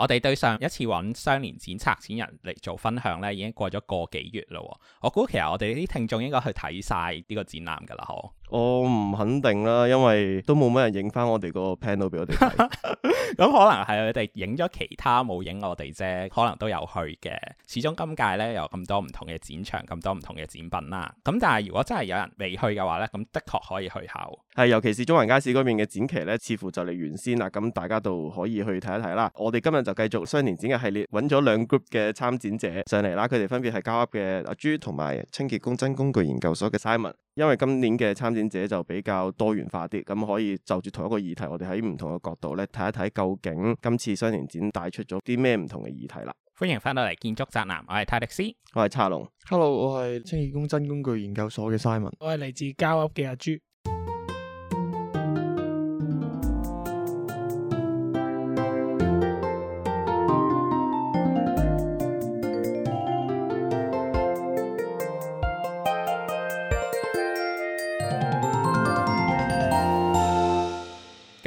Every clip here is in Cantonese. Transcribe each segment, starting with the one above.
我哋對上一次揾雙年展策展人嚟做分享呢，已經過咗個幾月啦。我估其實我哋啲聽眾應該去睇晒呢個展覽㗎啦喎。我唔肯定啦，因為都冇乜人影翻我哋個 panel 俾我哋睇咁、 嗯、可能係佢哋影咗其他冇影我哋啫，可能都有去嘅。始終今屆咧有咁多唔同嘅展場，咁多唔同嘅展品啦。咁但係如果真係有人未去嘅話咧，咁的確可以去考。係尤其是中環街市嗰邊嘅展期咧，似乎就嚟完先啦。咁、嗯、大家都可以去睇一睇啦。我哋今日就繼續雙年展嘅系列，揾咗兩 group 嘅參展者上嚟啦，佢哋分別係 Gaau1 Up 嘅阿朱同埋清潔工真工具研究所嘅 Simon。因為今年嘅參展者就比較多元化啲，咁可以就住同一個議題，我哋喺唔同嘅角度咧睇一睇，究竟今次雙年展帶出咗啲咩唔同嘅議題啦。歡迎翻到嚟建築宅男，我係泰迪斯，我係查龍，Hello，我係清潔工真工具研究所嘅 Simon，我係嚟自交屋嘅阿柱。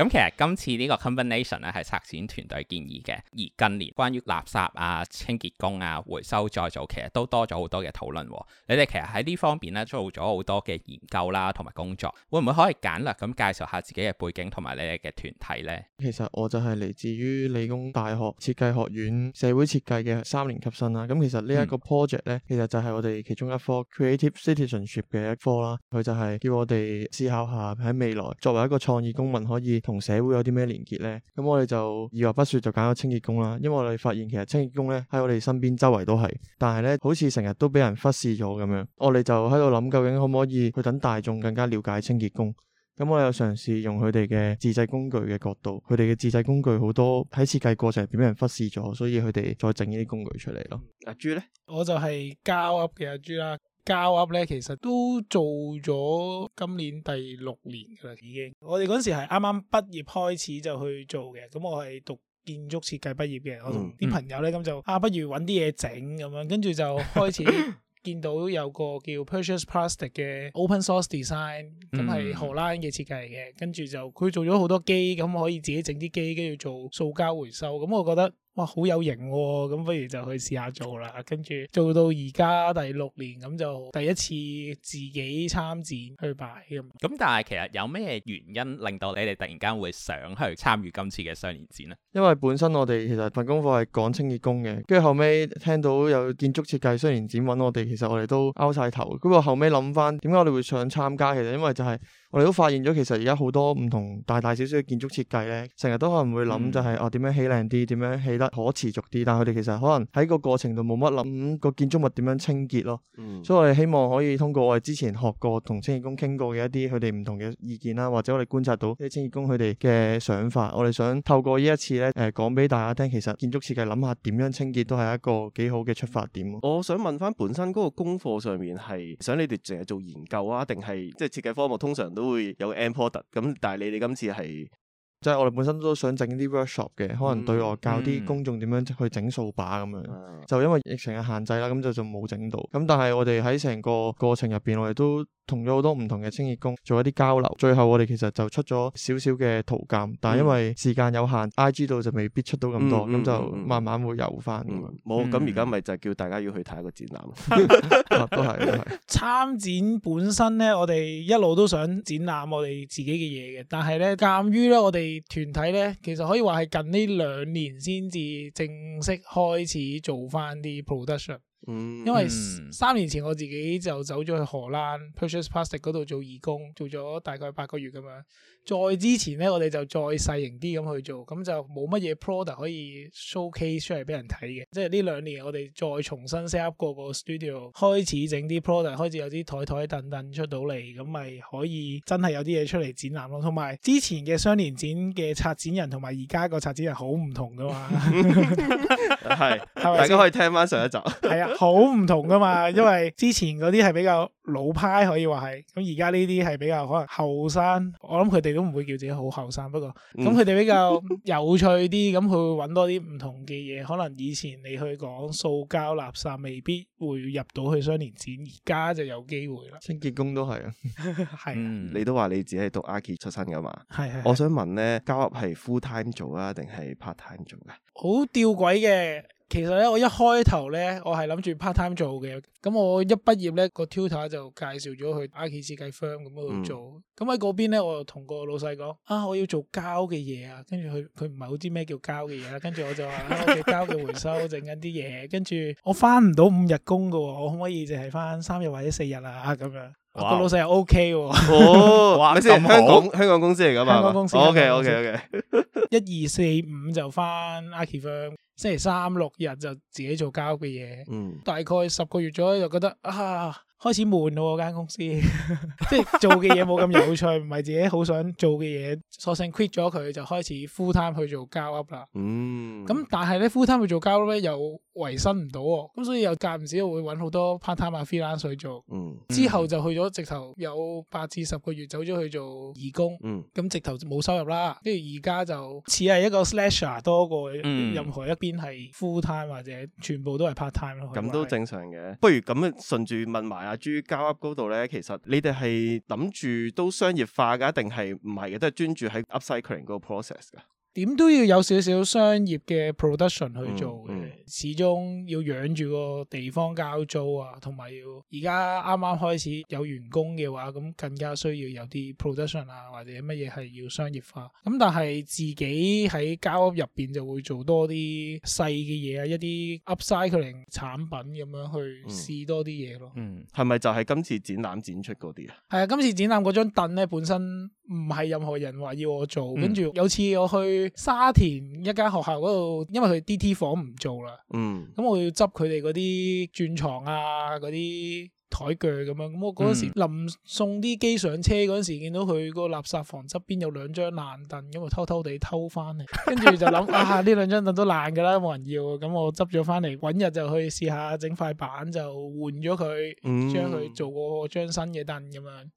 咁其實今次呢個 convention a 咧係策展團隊建議嘅，而近年關於垃圾啊、清潔工啊、回收再造，其實都多咗好多嘅討論。你哋其實喺呢方面咧做咗好多嘅研究啦、啊，同埋工作，會唔會可以簡略咁介紹下自己嘅背景同埋你哋嘅團體呢？其實我就係嚟自於理工大學設計學院社會設計嘅三年級生啦。咁其實呢一個 project 咧，嗯、其實就係我哋其中一科 creative citizenship 嘅一科啦。佢就係叫我哋思考下喺未來作為一個創意公民可以同同社會有啲咩連結咧？咁我哋就二話不說就揀咗清潔工啦。因為我哋發現其實清潔工咧喺我哋身邊周圍都係，但係咧好似成日都俾人忽視咗咁樣。我哋就喺度諗究竟可唔可以去等大眾更加了解清潔工？咁我又嘗試用佢哋嘅自製工具嘅角度，佢哋嘅自製工具好多喺設計過程入邊俾人忽視咗，所以佢哋再整呢啲工具出嚟咯。阿朱咧，我就係 Gaau1 Up 嘅阿朱啦。Gaau1 Up 咧，其實都做咗今年第六年噶啦，已經。我哋嗰時係啱啱畢業開始就去做嘅。咁我係讀建築設計畢業嘅，我同啲朋友咧咁就啊，不如揾啲嘢整咁樣，跟住就開始見到有個叫 Precious Plastic 嘅 Open Source Design，咁係荷蘭嘅設計嚟嘅。跟住就佢做咗好多機，咁可以自己整啲機，跟住做塑膠回收。咁我覺得。哇，好有型喎，哦！咁不如就去試下做啦。跟住做到而家第六年，咁就第一次自己參展去擺咁。咁但係其實有咩原因令到你哋突然間會想去參與今次嘅雙年展呢？因為本身我哋其實份功課係講清潔工嘅，跟住後尾聽到有建築設計雙年展揾我哋，其實我哋都拗晒頭。不過後尾諗翻，點解我哋會想參加？其實因為就係，是。我哋都發現咗，其實而家好多唔同大大小小嘅建築設計咧，成日都可能會諗就係哦點樣起靚啲，點樣起得可持續啲。但係佢哋其實可能喺個過程度冇乜諗個建築物點樣清潔咯。嗯、所以我哋希望可以通過我哋之前學過，清潔過同清潔工傾過嘅一啲佢哋唔同嘅意見啦、啊，或者我哋觀察到啲清潔工佢哋嘅想法，我哋想透過呢一次咧誒講俾大家聽，其實建築設計諗下點樣清潔都係一個幾好嘅出發點、啊。我想問翻本身嗰、嗰個功課上面係想你哋淨係做研究啊，定係即係設計科目通常都？都會有 import 咁，但係你哋今次係。即係我哋本身都想整啲 workshop 嘅，嗯、可能對外教啲公眾點樣去整掃把咁樣，嗯、就因為疫情嘅限制啦，咁就就冇整到。咁但係我哋喺成個過程入邊，我哋都同咗好多唔同嘅清潔工做一啲交流。最後我哋其實就出咗少少嘅圖鑒，嗯、但係因為時間有限，I G 度就未必出到咁多，咁、嗯嗯、就慢慢會游翻。冇咁而家咪就叫大家要去睇個展覽咯，都係、都係。參展本身咧，我哋一路都想展覽我哋自己嘅嘢嘅，但係咧，鑒於咧我哋。團體咧，其實可以話，係近呢兩年先至正式開始做翻啲 production。因為三年前我自己就走咗去荷蘭 Precious Plastic 嗰度做義工，做咗大概八個月咁樣。再之前呢，我哋就再細型啲咁去做，咁就冇乜嘢 product 可以 showcase 出嚟俾人睇嘅。即係呢兩年，我哋再重新 set up 個 studio，開始整啲 product，s, 開始有啲台台凳凳出到嚟，咁咪可以真係有啲嘢出嚟展覽咯。同埋之前嘅雙年展嘅策展人同埋而家個策展人好唔同噶嘛。係，大家可以聽翻上一集。係啊。好唔同噶嘛，因為之前嗰啲係比較老派，可以話係咁。而家呢啲係比較可能後生，我諗佢哋都唔會叫自己好後生。不過咁佢哋比較有趣啲，咁佢 會揾多啲唔同嘅嘢。可能以前你去講塑膠垃圾，未必會入到去雙年展，而家就有機會啦。清潔工都係 啊，係、嗯、你都話你自己係讀 archie 出身噶嘛？係、啊，我想問呢，Gaau1 Up 係 full time 做啊，定係 part time 做嘅？好吊詭嘅。其實咧，我一開頭咧，我係諗住 part time 做嘅。咁我一畢業咧，個 tutor 就介紹咗去 archi 設計 firm 咁度做。咁喺嗰邊咧，我又同個老細講啊，我要做膠嘅嘢啊。跟住佢，佢唔係好知咩叫膠嘅嘢。跟住我就話喺屋企膠嘅回收整緊啲嘢。跟住 我翻唔到五日工噶，我可唔可以淨係翻三日或者四日啊？咁樣哇個老細又 OK 喎。哦，你先 香港香港公司嚟噶嘛？香港公司。哦、OK OK OK。一二四五就翻 archi firm。星期三六日就自己做交嘅嘢，嗯，大概十個月左右，就覺得啊。開始悶咯，我間公司 即係做嘅嘢冇咁有趣，唔係 自己好想做嘅嘢，索性 quit 咗佢就開始 full time 去做 Gaau1 Up 啦。嗯，咁但係咧 full time 去做 Gaau1 Up 咧又維生唔到喎，咁所以又間唔時會揾好多 part time 啊 freelance 去做。嗯，之後就去咗直頭有八至十個月走咗去做義工。嗯，咁直頭冇收入啦，跟住而家就似係一個 slasher 多過任何一邊係 full time 或者全部都係 part time 咯。咁都正常嘅，不如咁順住問埋啊？至於 Gaau1 Up 嗰度咧，其實你哋係諗住都商業化噶，定係唔係嘅？都係專注喺 upcycling 嗰個 process 㗎。點都要有少少商業嘅 production 去做嘅，始終要養住個地方交租啊，同埋要而家啱啱開始有員工嘅話，咁更加需要有啲 production 啊，或者乜嘢係要商業化。咁但係自己喺交屋入邊就會做多啲細嘅嘢啊，一啲 upcycling 產品咁樣去試多啲嘢咯。嗯，係咪就係今次展覽展出嗰啲啊？係啊，今次展覽嗰張凳咧，本身唔係任何人話要我做，跟住、嗯、有次我去。沙田一間學校嗰度，因為佢 D.T 房唔做啦，咁、嗯、我要執佢哋嗰啲鑽床啊，嗰啲台鋸咁樣。咁我嗰時臨送啲機上車嗰時，見、嗯、到佢個垃圾房側邊有兩張爛凳，咁我偷偷地偷翻嚟，跟住就諗 啊，呢兩張凳都爛㗎啦，冇人要，咁我執咗翻嚟，搵日就去以試下整塊板就換咗佢，將佢、嗯、做過張新嘅凳咁樣。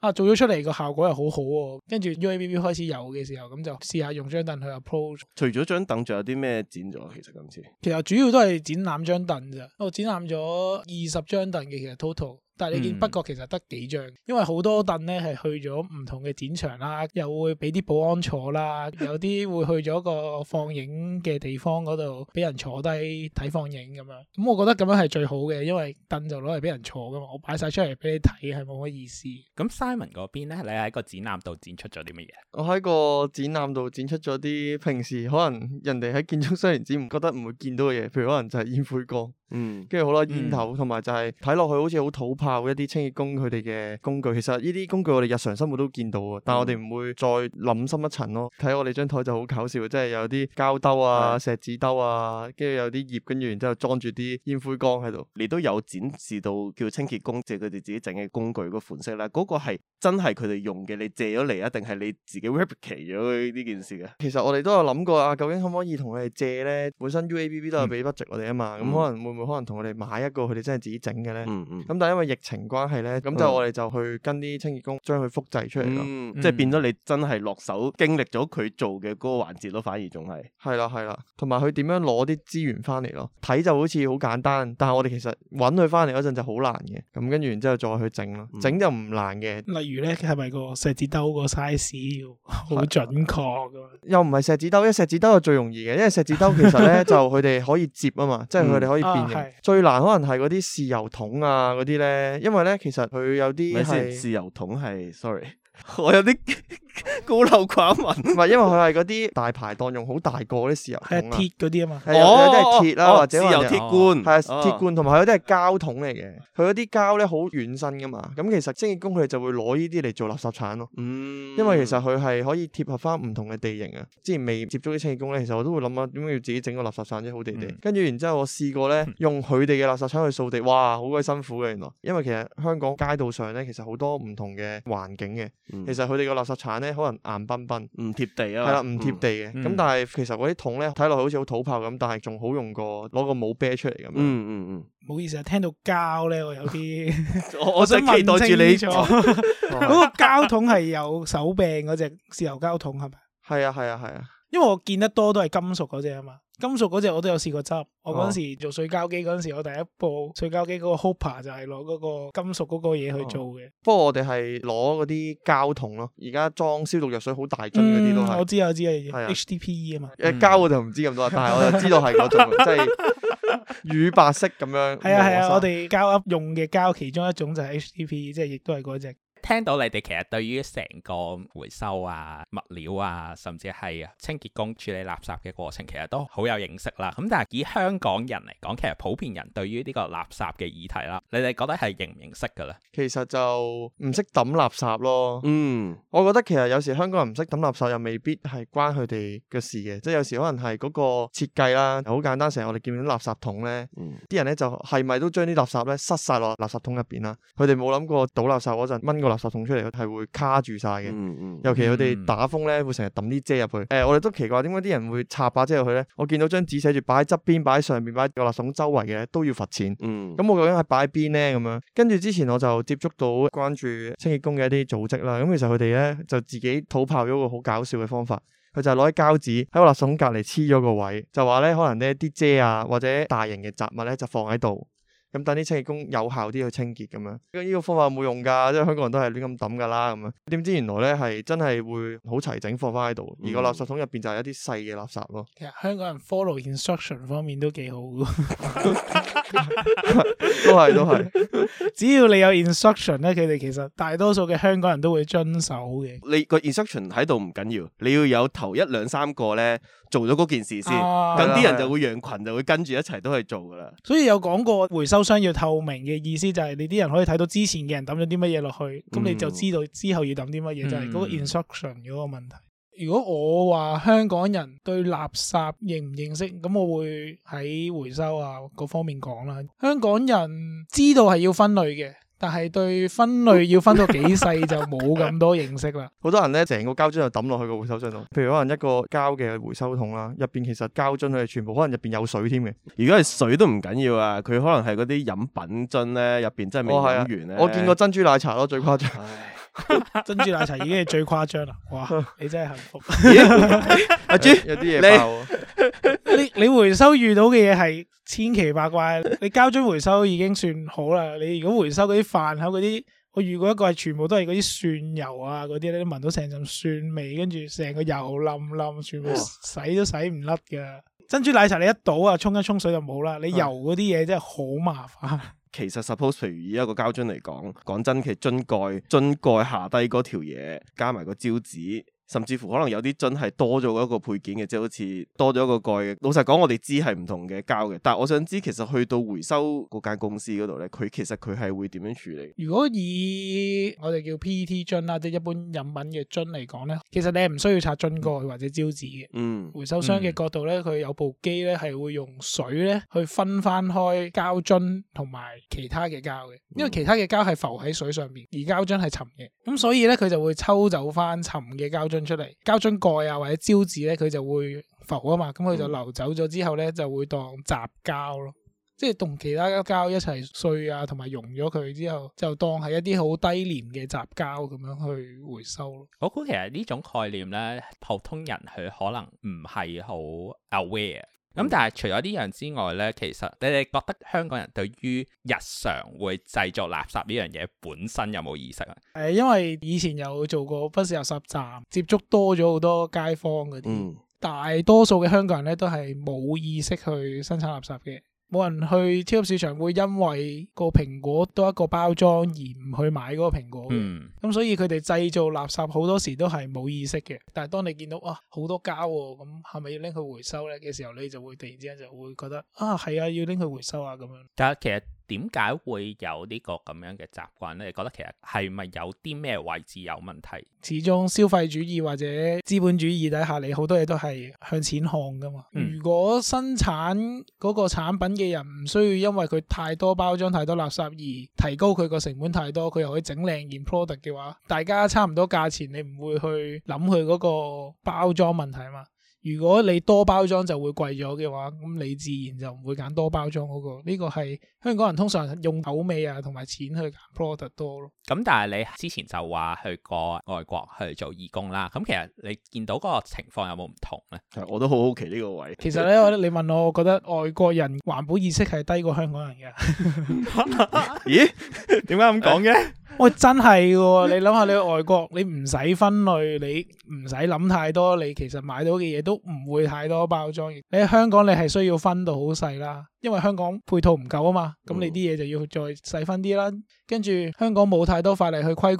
啊，做咗出嚟個效果又好好、啊、喎，跟住 UABB 開始有嘅時候，咁就試下用張凳去 approach。除咗張凳，仲有啲咩展咗？其實今次其實主要都係展覽張凳咋，我展覽咗二十張凳嘅，其實 total。但係你見、嗯、北角其實得幾張，因為好多凳咧係去咗唔同嘅展場啦，又會俾啲保安坐啦，有啲會去咗個放映嘅地方嗰度俾人坐低睇放映咁樣。咁、嗯、我覺得咁樣係最好嘅，因為凳就攞嚟俾人坐噶嘛，我擺晒出嚟俾你睇係冇乜意思。咁 Simon 嗰邊咧，你喺個展覽度展出咗啲乜嘢？我喺個展覽度展出咗啲平時可能人哋喺建築商展展唔覺得唔會見到嘅嘢，譬如可能就係煙灰缸。嗯，跟住好多煙頭同埋、嗯、就係睇落去好似好土炮一啲清潔工佢哋嘅工具，其實呢啲工具我哋日常生活都見到啊，但係我哋唔會再諗深一層咯。睇我哋張台就好搞笑，即係有啲膠兜啊、錫紙的兜啊，跟住有啲葉，跟住然之後裝住啲煙灰缸喺度。你都有展示到叫清潔工借佢哋自己整嘅工具個款式啦，嗰、嗰個係真係佢哋用嘅，你借咗嚟啊？定係你自己 replicate 咗呢件事嘅？其實我哋都有諗過啊，究竟可唔可以同佢哋借呢？本身 UABB 都係俾筆值我哋啊嘛，咁可能會。會可能同佢哋買一個，佢哋真係自己整嘅咧。咁、嗯嗯、但係因為疫情關係咧，咁、嗯、就我哋就去跟啲清潔工將佢複製出嚟咯，嗯、即係變咗你真係落手經歷咗佢做嘅嗰個環節咯，反而仲係係啦係啦，同埋佢點樣攞啲資源翻嚟咯？睇就好似好簡單，但係我哋其實搵佢翻嚟嗰陣就好難嘅。咁、嗯嗯、跟住然之後再去整咯，整就唔難嘅。例如咧，係咪個錫紙兜個 size 要好準確噶？又唔係錫紙兜，因為錫紙兜係最容易嘅，因為錫紙兜其實咧 就佢哋可以接啊嘛，即係佢哋可以變、嗯。啊係最難，可能係嗰啲豉油桶啊嗰啲咧，因為咧其實佢有啲，豉油桶係，sorry。我有啲孤陋寡聞，唔係，因為佢係嗰啲大排檔用好大個啲豉油、啊啊，係鐵嗰啲啊嘛，係、哦，有啲係鐵啦，哦、鐵或者豉油鐵罐，係啊、哦，鐵罐，同埋有啲係膠桶嚟嘅，佢嗰啲膠咧好軟身噶嘛，咁其實清潔工佢哋就會攞呢啲嚟做垃圾鏟咯，嗯，因為、嗯、其實佢係可以貼合翻唔同嘅地形啊，之前未接觸啲清潔工咧，其實我都會諗下點解要自己整個垃圾鏟先好地地，嗯、跟住然之後我試過咧用佢哋嘅垃圾鏟去掃地，哇，好鬼辛苦嘅原來，因為其實香港街道上咧其實好多唔同嘅環境嘅。其實佢哋個垃圾鏟咧，可能硬崩崩，唔貼地啊，係啦，唔貼地嘅。咁、嗯、但係其實嗰啲桶咧，睇落去好似好土炮咁，但係仲好用過攞個冇柄出嚟咁、嗯。嗯嗯嗯，唔好意思啊，聽到膠咧，我有啲， 我 我想我直期待住你嗰 個膠桶係有手柄嗰隻豉油膠桶係咪？係啊係啊係啊，因為我見得多都係金屬嗰隻啊嘛。金屬嗰隻我都有試過執，我嗰時做碎膠機嗰陣時，我第一部碎膠機嗰個 hopper 就係攞嗰個金屬嗰個嘢去做嘅。不過我哋係攞嗰啲膠桶咯，而家裝消毒藥水好大樽嗰啲都係。我知我知啊，H D P E 啊嘛。誒、嗯、膠我就唔知咁多，但係我就知道係嗰種，即係 乳白色咁樣。係啊係啊，我哋膠盒用嘅膠其中一種就係 H D P E，即係亦都係嗰隻。聽到你哋其實對於成個回收啊物料啊，甚至係清潔工處理垃圾嘅過程，其實都好有認識啦。咁但係以香港人嚟講，其實普遍人對於呢個垃圾嘅議題啦，你哋覺得係認唔認識噶咧？其實就唔識抌垃圾咯。嗯，我覺得其實有時香港人唔識抌垃圾，又未必係關佢哋嘅事嘅。即係有時可能係嗰個設計啦，好簡單，成日我哋見到垃圾桶咧，啲、嗯、人咧就係、是、咪都將啲垃圾咧塞晒落垃圾桶入邊啦？佢哋冇諗過倒垃圾嗰陣垃圾桶出嚟，佢係會卡住晒嘅、嗯。嗯嗯，尤其佢哋打風咧，會成日抌啲遮入去。誒、呃，我哋都奇怪點解啲人會插把遮入去咧？我見到張紙寫住擺喺側邊、擺喺上面、擺喺個垃圾桶周圍嘅都要罰錢、嗯嗯。嗯，咁我究竟係擺喺邊咧？咁樣，跟住之前我就接觸到關注清潔工嘅一啲組織啦。咁其實佢哋咧就自己土炮咗個好搞笑嘅方法，佢就係攞啲膠紙喺個垃圾桶隔籬黐咗個位，就話咧可能呢啲遮啊或者大型嘅雜物咧就放喺度。咁等啲清潔工有效啲去清潔咁樣，呢、呢個方法冇用噶，即係香港人都係亂咁抌噶啦咁樣。點知原來咧係真係會好齊整放翻喺度，而個垃圾桶入邊就係一啲細嘅垃圾咯、嗯。其實香港人 follow instruction 方面都幾好噶 都係都係。只要你有 instruction 咧，佢哋其實大多數嘅香港人都會遵守嘅。你個 instruction 喺度唔緊要，你要有頭一兩三個咧。做咗嗰件事先，咁啲、啊、人就會羊群，的就會跟住一齊都去做噶啦。所以有講過回收箱要透明嘅意思，就是，就係你啲人可以睇到之前嘅人抌咗啲乜嘢落去，咁、嗯、你就知道之後要抌啲乜嘢，嗯、就係嗰個 instruction 嗰個問題。如果我話香港人對垃圾認唔認識，咁我會喺回收啊嗰方面講啦。香港人知道係要分類嘅。但係對分類要分到幾細就冇咁多認識啦。好 多人咧，成個膠樽就抌落去個回收樽度。譬如可能一個膠嘅回收桶啦，入邊其實膠樽佢係全部可能入邊有水添嘅。如果係水都唔緊要啊，佢可能係嗰啲飲品樽咧，入邊真係未飲完咧。我見過珍珠奶茶咯，最誇張。 珍珠奶茶已經係最誇張啦！哇，你真係幸福，阿豬有啲嘢爆你，你回收遇到嘅嘢係千奇百怪。你膠樽回收已經算好啦。你如果回收嗰啲飯盒嗰啲，我遇過一個係全部都係嗰啲蒜油啊，嗰啲咧聞到成陣蒜味，跟住成個油冧冧，全部洗都洗唔甩噶。珍珠奶茶你一倒啊，沖一沖水就冇啦。你油嗰啲嘢真係好麻煩。其實 suppose 譬如以一個膠樽嚟講，講真，其實樽蓋、樽蓋下低嗰條嘢，加埋個招紙。甚至乎可能有啲樽係多咗一個配件嘅，即係好似多咗一個蓋嘅。老實講，我哋知係唔同嘅膠嘅，但係我想知其實去到回收嗰間公司嗰度呢，佢其實佢係會點樣處理？如果以我哋叫 PET 樽啦，即係一般飲品嘅樽嚟講呢，其實你係唔需要拆樽蓋或者招紙嘅。嗯，回收商嘅角度呢，佢有部機呢係會用水呢去分翻開膠樽同埋其他嘅膠嘅，因為其他嘅膠係浮喺水上面，而膠樽係沉嘅，咁所以呢，佢就會抽走翻沉嘅膠樽。出嚟，膠樽蓋啊或者膠紙咧，佢就會浮啊嘛，咁、嗯、佢就流走咗之後咧，就會當雜膠咯，即係同其他膠一齊碎啊，同埋溶咗佢之後，就當係一啲好低廉嘅雜膠咁樣去回收咯。我估其實呢種概念咧，普通人佢可能唔係好 aware。咁、嗯、但係除咗呢樣之外咧，其實你哋覺得香港人對於日常會製作垃圾呢樣嘢本身有冇意識啊？誒，因為以前有做過不是垃圾站，接觸多咗好多街坊嗰啲，大、嗯、多數嘅香港人咧都係冇意識去生產垃圾嘅。冇人去超級市場會因為個蘋果多一個包裝而唔去買嗰個蘋果。咁、嗯、所以佢哋製造垃圾好多時都係冇意識嘅。但係當你見到哇好、啊、多膠咁、哦，係咪要拎去回收咧嘅時候，你就會突然之間就會覺得啊係啊要拎去回收啊咁樣。點解會有呢個咁樣嘅習慣咧？你覺得其實係咪有啲咩位置有問題？始終消費主義或者資本主義底下，你好多嘢都係向錢看㗎嘛。如果生產嗰個產品嘅人唔需要因為佢太多包裝、太多垃圾而提高佢個成本太多，佢又可以整靚件 product 嘅話，大家差唔多價錢，你唔會去諗佢嗰個包裝問題啊嘛。如果你多包裝就會貴咗嘅話，咁你自然就唔會揀多包裝嗰個。呢個係香港人通常用口味啊同埋錢去揀 product 多咯。咁但係你之前就話去過外國去做義工啦，咁其實你見到嗰個情況有冇唔同咧？我都好好奇呢個位。其實咧，我覺得你問我，我覺得外國人環保意識係低過香港人嘅。 咦？點解咁講嘅？我真係喎， 你諗下你去外國，你唔使分類，你唔使諗太多，你其實買到嘅嘢都唔會太多包裝。你喺香港你係需要分到好細啦。因為香港配套唔夠啊嘛，咁、嗯、你啲嘢就要再細分啲啦。跟住香港冇太多法例去規管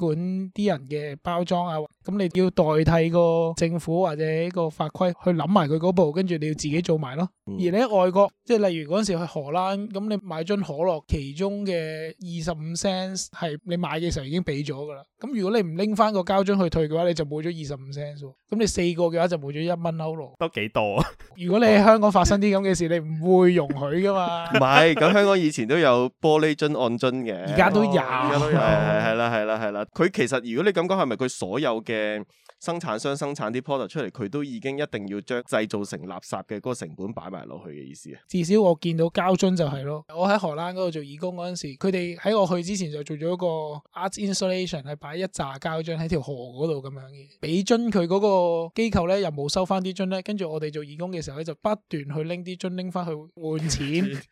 啲人嘅包裝啊，咁你要代替個政府或者個法規去諗埋佢嗰步，跟住你要自己做埋咯。嗯、而你喺外國，即係例如嗰陣時去荷蘭，咁你買樽可樂，其中嘅二十五 cents 係你買嘅時候已經俾咗噶啦。咁如果你唔拎翻個膠樽去退嘅話，你就冇咗二十五 cents 喎。咁你四個嘅話就冇咗一蚊歐羅。都幾多啊？如果你喺香港發生啲咁嘅事， 你唔會容許嘅。唔 係是，咁 香港以前都有玻璃樽按樽嘅，而家都有，而家都有。係係係啦係啦係啦。佢其實如果你咁講，係咪佢所有嘅？生產商生產啲 product 出嚟，佢都已經一定要將製造成垃圾嘅嗰個成本擺埋落去嘅意思啊！至少我見到膠樽就係咯，我喺荷蘭嗰度做義工嗰陣時，佢哋喺我去之前就做咗一個 art installation，係擺一紮膠樽喺條河嗰度咁樣嘅。俾樽佢嗰個機構咧又冇收翻啲樽咧，跟住我哋做義工嘅時候咧就不斷去拎啲樽拎翻去換錢，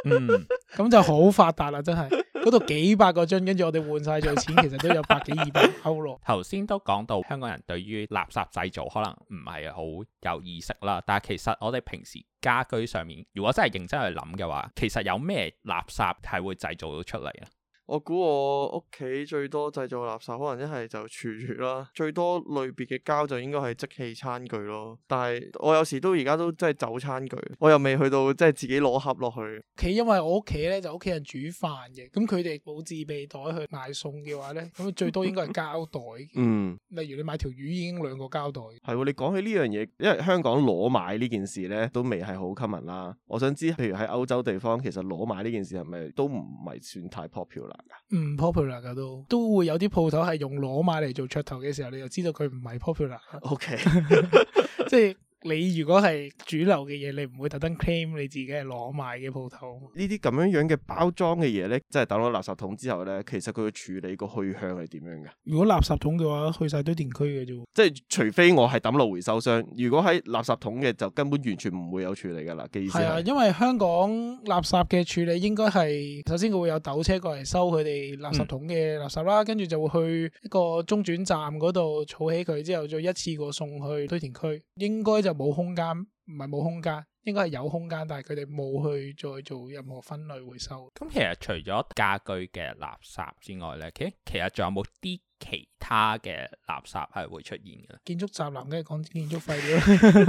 嗯，咁就好發達啦，真係。 嗰度幾百個樽，跟住我哋換晒咗錢，其實都有百幾二百歐咯。頭先 都講到香港人對於垃圾製造可能唔係好有意識啦，但係其實我哋平時家居上面，如果真係認真去諗嘅話，其實有咩垃圾係會製造到出嚟啊？我估我屋企最多製造垃圾，可能一係就廚具啦。最多類別嘅膠就應該係即棄餐具咯。但係我有時都而家都即係走餐具，我又未去到即係自己攞盒落去。企因為我屋企咧，就屋企人煮飯嘅，咁佢哋冇自備袋去買餸嘅話咧，咁最多應該係膠袋。嗯， 例如你買條魚已經兩個膠袋。係、嗯嗯啊，你講起呢樣嘢，因為香港攞買呢件事咧都未係好 common 啦。我想知，譬如喺歐洲地方，其實攞買呢件事係咪都唔係算太 popular？唔 popular 噶都，都會有啲鋪頭係用裸買嚟做噱頭嘅時候，你就知道佢唔係 popular。OK，即係。你如果係主流嘅嘢，你唔會特登 claim 你自己係攞賣嘅鋪頭。呢啲咁樣樣嘅包裝嘅嘢咧，即係抌落垃圾桶之後咧，其實佢嘅處理個去向係點樣嘅？如果垃圾桶嘅話，去晒堆填區嘅啫。即係除非我係抌落回收箱，如果喺垃圾桶嘅，就根本完全唔會有處理噶啦，嘅意思。係啊，因為香港垃圾嘅處理應該係首先佢會有斗車過嚟收佢哋垃圾桶嘅垃圾啦，跟住，嗯、就會去一個中轉站嗰度儲起佢，之後再一次過送去堆填區，應該就。冇空間，唔係冇空間，應該係有空間，但係佢哋冇去再做任何分類回收。咁其實除咗家居嘅垃圾之外呢，其實仲有冇啲？其他嘅垃圾係會出現嘅。建築宅男梗係講建築廢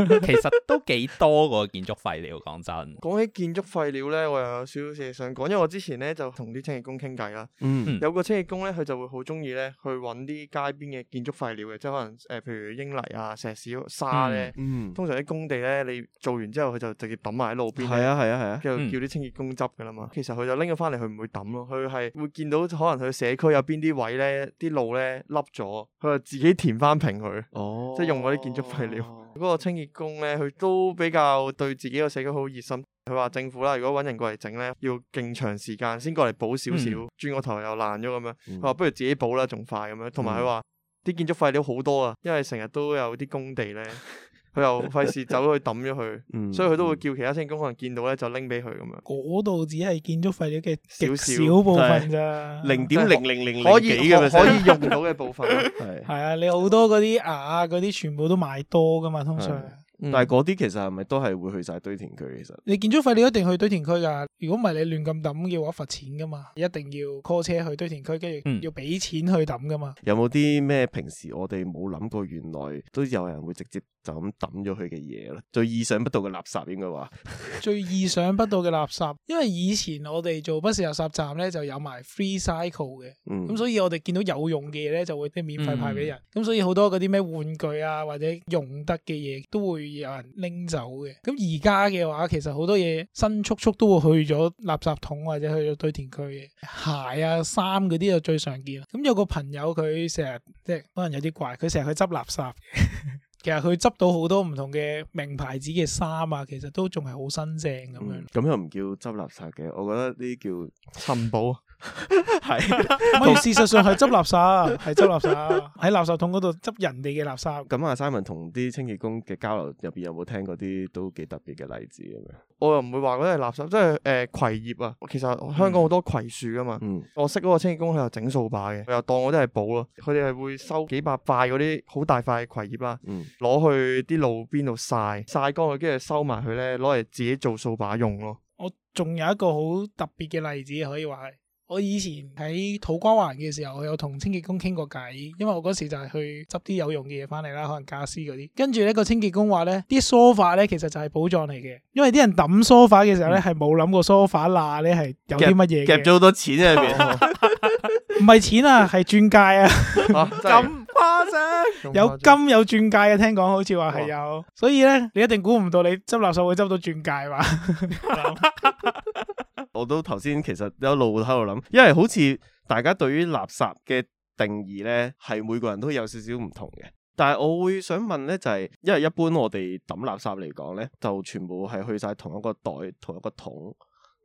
料， 其實都幾多個建築廢料。講真，講起建築廢料咧，我又有少少嘢想講，因為我之前咧就同啲清潔工傾偈啦。嗯，有個清潔工咧，佢就會好中意咧去揾啲街邊嘅建築廢料嘅，即係可能誒，呃，譬如英泥啊、石屎、沙咧。嗯、通常啲工地咧，你做完之後，佢就直接抌埋喺路邊。係啊，係啊，係啊，就、嗯、叫啲清潔工執噶啦嘛。其實佢就拎咗翻嚟，佢唔會抌咯，佢係會見到可能佢社區有邊啲位咧，啲路咧。咧凹咗，佢話自己填翻平佢，Oh. 即係用嗰啲建築廢料。嗰 個清潔工咧，佢都比較對自己個社區好熱心。佢話政府啦，如果揾人過嚟整咧，要勁長時間先過嚟補少少，嗯、轉個頭又爛咗咁樣。佢話、嗯、不如自己補啦，仲快咁樣。同埋佢話啲建築廢料好多啊，因為成日都有啲工地咧。 佢又費事走去抌咗佢，所以佢都會叫其他清潔工可能見到咧就拎俾佢咁樣。嗰度只係建築廢料嘅少少部分咋，零點零零零幾咁啊！可以用到嘅部分。係係啊，你好多嗰啲瓦嗰啲，全部都買多㗎嘛，通常。但係嗰啲其實係咪都係會去晒堆填區？其實你建築廢料一定去堆填區㗎，如果唔係你亂咁抌嘅話，罰錢㗎嘛，一定要 call 車去堆填區，跟住要俾錢去抌㗎嘛。有冇啲咩平時我哋冇諗過，原來都有人會直接？就咁抌咗佢嘅嘢咯，最意想不到嘅垃圾應該話 最意想不到嘅垃圾，因為以前我哋做不是垃圾站咧就有埋 free cycle 嘅，咁、嗯、所以我哋見到有用嘅嘢咧就會即免費派俾人，咁、嗯、所以好多嗰啲咩玩具啊或者用得嘅嘢都會有人拎走嘅，咁而家嘅話其實好多嘢新速速都會去咗垃圾桶或者去咗堆填區嘅，鞋啊、衫嗰啲就最常見。咁有個朋友佢成日即係可能有啲怪，佢成日去執垃圾。 其實佢執到好多唔同嘅名牌子嘅衫啊，其實都仲係好新淨咁樣。咁、嗯、又唔叫執垃圾嘅，我覺得呢啲叫尋寶。係，同 事實上係執垃圾，係執 垃圾，喺 垃圾桶嗰度執人哋嘅垃圾。咁阿 Simon 同啲清潔工嘅交流入邊有冇聽過嗰啲都幾特別嘅例子咁樣？我又唔會話嗰啲係垃圾，即係誒、呃、葵葉啊。其實香港好多葵樹噶嘛。嗯、我識嗰個清潔工佢又整掃把嘅，佢又當我真係寶咯。佢哋係會收幾百塊嗰啲好大塊嘅葵葉啊，攞、嗯、去啲路邊度曬曬乾去跟住收埋佢咧，攞嚟自己做掃把用咯。我仲有一個好特別嘅例子，可以話係。我以前喺土瓜灣嘅時候，我有同清潔工傾過偈，因為我嗰時就係去執啲有用嘅嘢翻嚟啦，可能家私嗰啲。跟住呢個清潔工話呢，啲梳化呢其實就係寶藏嚟嘅，因為啲人抌梳化嘅時候呢係冇諗過梳化罅呢係有啲乜嘢嘅，夾咗好多錢喺入邊，唔係錢啊，係鑽戒啊，咁誇張，有金有鑽戒啊，聽講好似話係有，所以呢你一定估唔到你執垃圾會執到鑽戒嘛。我都頭先其實一路喺度諗，因為好似大家對於垃圾嘅定義呢，係每個人都有少少唔同嘅。但係我會想問呢，就係因為一般我哋抌垃圾嚟講呢，就全部係去晒同一個袋、同一個桶。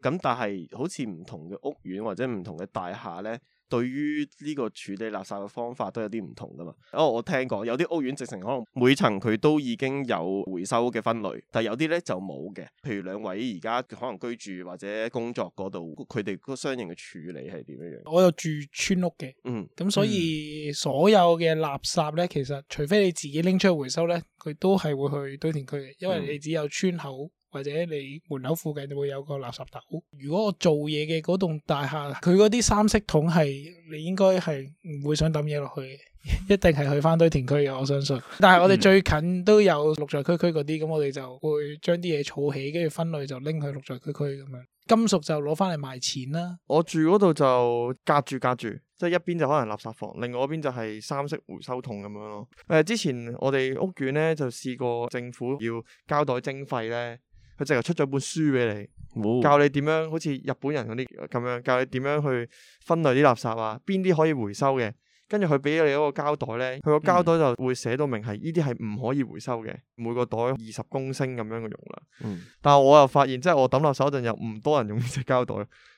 咁但係好似唔同嘅屋苑或者唔同嘅大廈呢，對於呢個處理垃圾嘅方法都有啲唔同噶嘛？哦，我聽過有啲屋苑直情可能每層佢都已經有回收嘅分類，但係有啲咧就冇嘅。譬如兩位而家可能居住或者工作嗰度，佢哋嗰相應嘅處理係點樣樣？我有住村屋嘅，嗯，咁所以所有嘅垃圾咧，其實除非你自己拎出去回收咧，佢都係會去堆填區嘅，因為你只有村口。嗯或者你門口附近就會有個垃圾筒。如果我做嘢嘅嗰棟大廈，佢嗰啲三色桶係你應該係唔會想抌嘢落去， 一定係去翻堆填區嘅。我相信。但係我哋最近都有綠在區區嗰啲，咁、嗯、我哋就會將啲嘢儲起，跟住分類就拎去綠在區區咁樣。金屬就攞翻嚟賣錢啦。我住嗰度就隔住隔住，即係一邊就可能垃圾房，另外一邊就係三色回收桶咁樣咯。誒、呃，之前我哋屋苑呢，就試過政府要膠袋徵費呢。佢直頭出咗本書俾你，教你點樣好似日本人嗰啲咁樣，教你點樣去分類啲垃圾啊，邊啲可以回收嘅。跟住佢俾你一個膠袋咧，佢個膠袋就會寫到明係呢啲係唔可以回收嘅。每個袋二十公升咁樣嘅容量。嗯，但係我又發現，即係我抌落手嗰陣又唔多人用呢隻膠袋。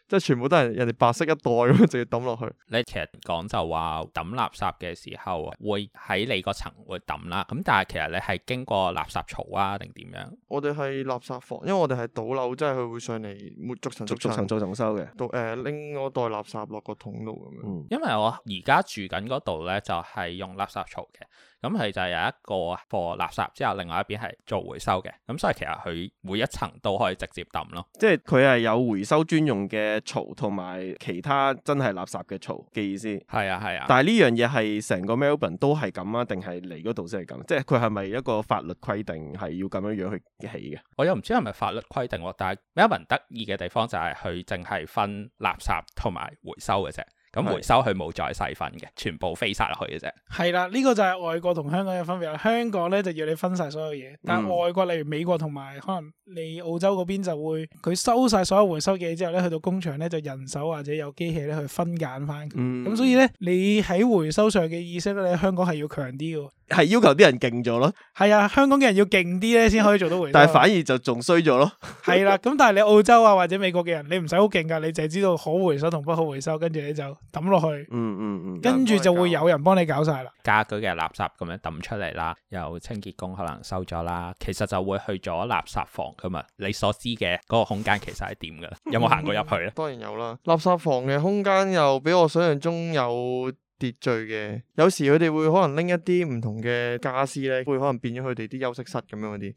即係全部都係人哋白色一袋咁樣，直接抌落去。你其實講就話抌垃圾嘅時候，會喺你個層會抌啦。咁但係其實你係經過垃圾槽啊，定點樣？我哋係垃圾房，因為我哋係倒樓，即係佢會上嚟逐層逐層做層收嘅。誒，拎、呃、個袋垃圾落個桶度咁樣。嗯、因為我而家住緊嗰度咧，就係、是、用垃圾槽嘅。咁係、嗯、就係有一個放垃圾之後，另外一邊係做回收嘅。咁、嗯、所以其實佢每一層都可以直接抌咯。即係佢係有回收專用嘅槽，同埋其他真係垃圾嘅槽嘅意思。係啊係啊。但係呢樣嘢係成個 Melbourne 都係咁啊？定係嚟嗰度先係咁？即係佢係咪一個法律規定係要咁樣樣去起嘅？我又唔知係咪法律規定喎。但係 Melbourne 得意嘅地方就係佢淨係分垃圾同埋回收嘅啫。咁回收佢冇再細分嘅，全部飛晒落去嘅啫。係啦，呢、這個就係外國同香港嘅分別啦。香港咧就要你分晒所有嘢，但係外國例如美國同埋可能你澳洲嗰邊就會佢收晒所有回收嘅嘢之後咧，去到工場咧就人手或者有機器咧去分揀翻佢。咁、嗯、所以咧，你喺回收上嘅意識咧，你香港係要強啲嘅。係要求啲人勁咗咯，係啊，香港嘅人要勁啲咧，先可以做到回收。 但係反而就仲衰咗咯。係 啦、啊，咁但係你澳洲啊或者美國嘅人，你唔使好勁噶，你淨係知道可回收同不可回收，跟住你就抌落去。嗯嗯嗯。跟、嗯、住、嗯、就會有人幫你搞晒啦。家居嘅垃圾咁樣抌出嚟啦，有清潔工可能收咗啦，其實就會去咗垃圾房咁啊。你所知嘅嗰個空間其實係點噶？ 有冇行過入去咧？當然有啦，垃圾房嘅空間又比我想象中有秩序嘅，有時佢哋會可能拎一啲唔同嘅家私咧，會可能變咗佢哋啲休息室咁樣。嗰啲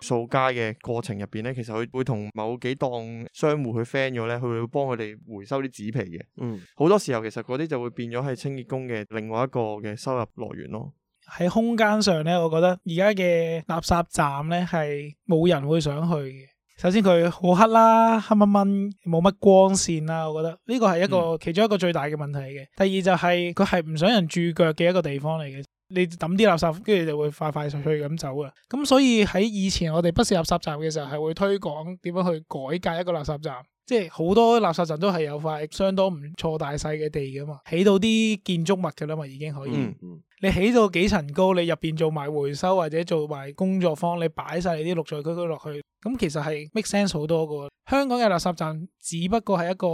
掃街嘅過程入邊咧，其實佢會同某幾檔商戶去 friend 咗咧，佢會幫佢哋回收啲紙皮嘅。嗯，好多時候其實嗰啲就會變咗係清潔工嘅另外一個嘅收入來源咯。喺空間上咧，我覺得而家嘅垃圾站咧，係冇人會想去嘅。首先佢好黑啦，黑掹掹，冇乜光線啦，我覺得呢個係一個其中一個最大嘅問題嘅。嗯、第二就係佢係唔想人住腳嘅一個地方嚟嘅，你抌啲垃圾，跟住就會快快脆脆咁走嘅。咁所以喺以前我哋不是垃圾站嘅時候，係會推廣點樣去改革一個垃圾站。即係好多垃圾站都係有塊相當唔錯大細嘅地噶嘛，起到啲建築物噶啦嘛，已經可以。嗯嗯、你起到幾層高，你入邊做埋回收或者做埋工作坊，你擺晒你啲綠色區區落去，咁其實係 make sense 好多噶。香港嘅垃圾站只不過係一個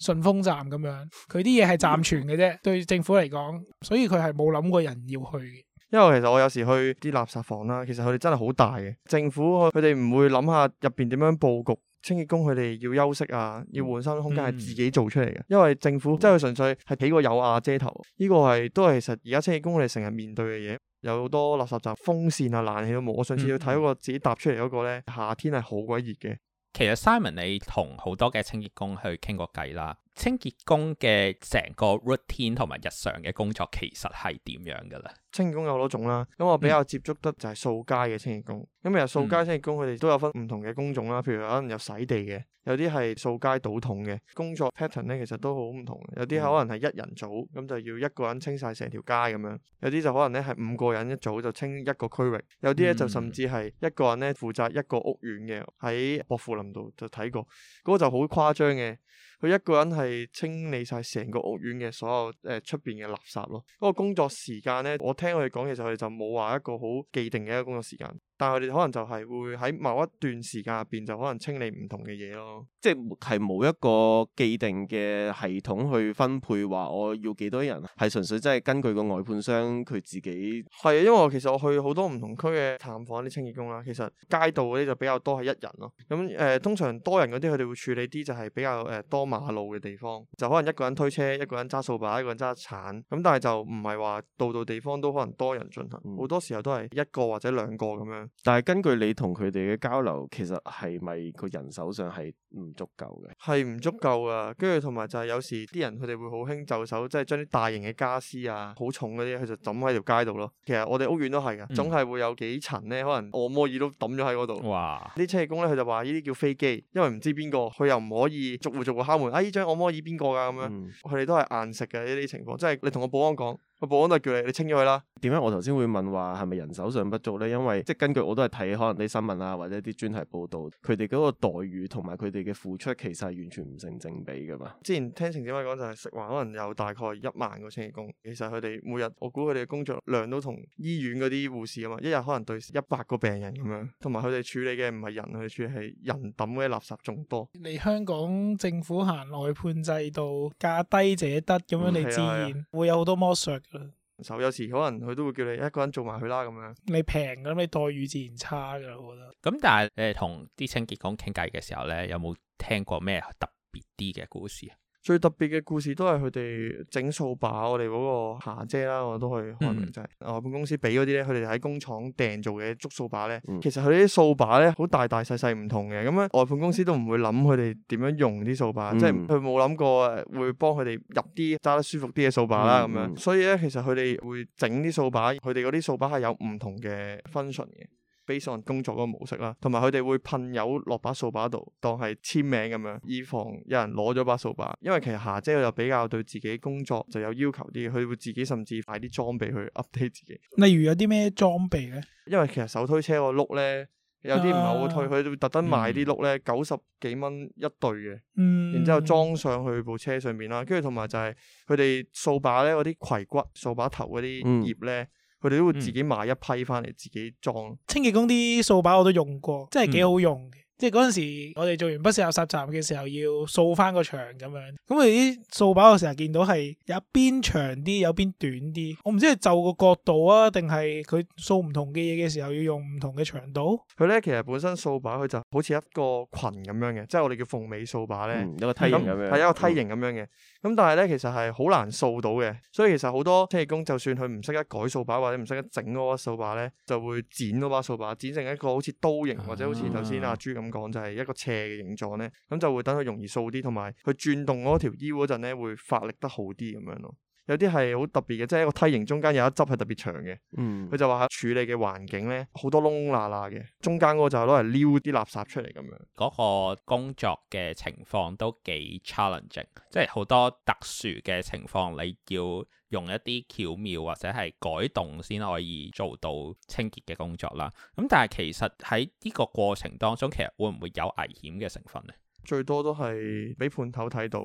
順風站咁樣，佢啲嘢係暫存嘅啫，嗯、對政府嚟講，所以佢係冇諗過人要去。因為其實我有時去啲垃圾房啦，其實佢哋真係好大嘅。政府佢哋唔會諗下入邊點樣佈局。清潔工佢哋要休息啊，要換新空間係自己做出嚟嘅，嗯、因為政府真係、嗯、純粹係起個有瓦遮頭，呢、這個係都係其實而家清潔工我哋成日面對嘅嘢，有好多垃圾站風扇啊、冷氣都冇。我上次要睇嗰個自己搭出嚟嗰個咧，嗯、夏天係好鬼熱嘅。其實 Simon，你同好多嘅清潔工去傾過偈啦。清潔工嘅成個 routine 同埋日常嘅工作其實係點樣噶咧？清潔工有好多種啦，咁我比較接觸得就係掃街嘅清潔工。咁其實，掃街清潔工佢哋都有分唔同嘅工種啦，譬如可能有洗地嘅，有啲係掃街倒桶嘅。工作 pattern 咧其實都好唔同，有啲可能係一人組，咁就要一個人清晒成條街咁樣；有啲就可能咧係五個人一早一組就清一個區域，有啲咧就甚至係一個人咧負責一個屋苑嘅。喺薄扶林度就睇過，嗰個就好誇張嘅。佢一個人係清理曬成個屋苑嘅所有出邊嘅垃圾咯，嗰、嗰個工作時間呢，我聽佢哋講，其實佢就冇話一個好既定嘅一個工作時間。但係佢哋可能就係會喺某一段時間入邊就可能清理唔同嘅嘢咯，即係冇一個既定嘅系統去分配話我要幾多人，係純粹即係根據個外判商佢自己。係啊，因為我其實我去好多唔同區嘅探訪啲清潔工啦，其實街道嗰啲就比較多係一人咯。咁、嗯、誒、呃，通常多人嗰啲佢哋會處理啲就係比較誒多馬路嘅地方，就可能一個人推車，一個人揸掃把，一個人揸鏟。咁、嗯嗯、但係就唔係話度度地方都可能多人進行，好多時候都係一個或者兩個咁樣。但係根據你同佢哋嘅交流，其實係咪個人手上係唔足夠嘅？係唔足夠噶，跟住同埋就係有時啲人佢哋會好興就手，即係將啲大型嘅家私啊，好重嗰啲，佢就抌喺條街度咯。其實我哋屋苑都係噶，嗯、總係會有幾層咧，可能按摩椅都抌咗喺嗰度。哇！啲清潔工咧，佢就話呢啲叫飛機，因為唔知邊個，佢又唔可以逐戶逐戶敲門。啊，呢張按摩椅邊個噶？咁樣，佢哋、嗯、都係硬食嘅呢啲情況。即係你同個保安講。個保安就叫你，你清咗佢啦。點解我頭先會問話係咪人手上不足咧？因為即係根據我都係睇可能啲新聞啊，或者啲專題報道，佢哋嗰個待遇同埋佢哋嘅付出其實係完全唔成正比噶嘛。之前聽程展緯講就係食環可能有大概一萬個清潔工，其實佢哋每日我估佢哋嘅工作量都同醫院嗰啲護士啊嘛，一日可能對一百個病人咁樣，同埋佢哋處理嘅唔係人，去處理係人抌嗰啲垃圾仲多。你香港政府行外判制度，價低者得咁樣，你自然、嗯啊啊、會有好多剝削。就、嗯、有時可能佢都會叫你一個人做埋佢啦咁樣，你平咁你待遇自然差噶，我覺得。咁、嗯、但係誒，同啲清潔工傾偈嘅時候咧，有冇聽過咩特別啲嘅故事啊？最特別嘅故事都係佢哋整掃把，我哋嗰個霞姐啦，我都去開明就係、嗯、外判公司俾嗰啲咧，佢哋喺工廠訂做嘅竹掃把咧，嗯、其實佢啲掃把咧好大大細細唔同嘅，咁樣外判公司都唔會諗佢哋點樣用啲掃把，嗯、即係佢冇諗過會幫佢哋入啲揸得舒服啲嘅掃把啦咁、嗯、樣，所以咧其實佢哋會整啲掃把，佢哋嗰啲掃把係有唔同嘅 function 嘅。Based on 工作嗰個模式啦，同埋佢哋會噴油落把掃把度，當係簽名咁樣，以防有人攞咗把掃把。因為其實霞姐佢又比較對自己工作就有要求啲，佢會自己甚至買啲裝備去 update 自己。例如有啲咩裝備咧？因為其實手推車個轆咧有啲唔係好推，佢會特登買啲轆咧九十幾蚊一對嘅，嗯，然之後裝上去部車上面啦。跟住同埋就係佢哋掃把咧嗰啲葵骨掃把頭嗰啲葉咧。佢哋都會自己買一批返嚟自己裝、嗯。清潔工啲掃把我都用過，真係幾好用的。嗯即係嗰陣時，我哋做完不是垃圾站嘅時候，要掃翻個牆咁樣。咁啊啲掃把我成日見到係有邊長啲，有邊短啲。我唔知係就個角度啊，定係佢掃唔同嘅嘢嘅時候要用唔同嘅長度。佢咧其實本身掃把佢就好似一個裙咁樣嘅，即係我哋叫鳳尾掃把咧，有個梯形咁樣，係一個梯形咁樣嘅。咁、嗯、但係咧其實係好難掃到嘅，所以其實好多清潔工就算佢唔識得改掃把，或者唔識得整嗰把掃把咧，就會剪嗰把掃把，剪成一個好似刀形，或者好似頭先阿朱咁。嗯講就係一個斜嘅形狀咧，咁就會等佢容易掃啲，同埋佢轉動嗰條腰嗰陣咧會發力得好啲咁樣咯。有啲係好特別嘅，即係一個梯形中間有一執係特別長嘅。嗯，佢就話係處理嘅環境咧，好多窿窿罅罅嘅，中間嗰個就係攞嚟撩啲垃圾出嚟咁樣。嗰個工作嘅情況都幾 challenging，即係好多特殊嘅情況，你要用一啲巧妙或者係改動先可以做到清潔嘅工作啦。咁但係其實喺呢個過程當中，其實會唔會有危險嘅成分咧？最多都係俾判頭睇到。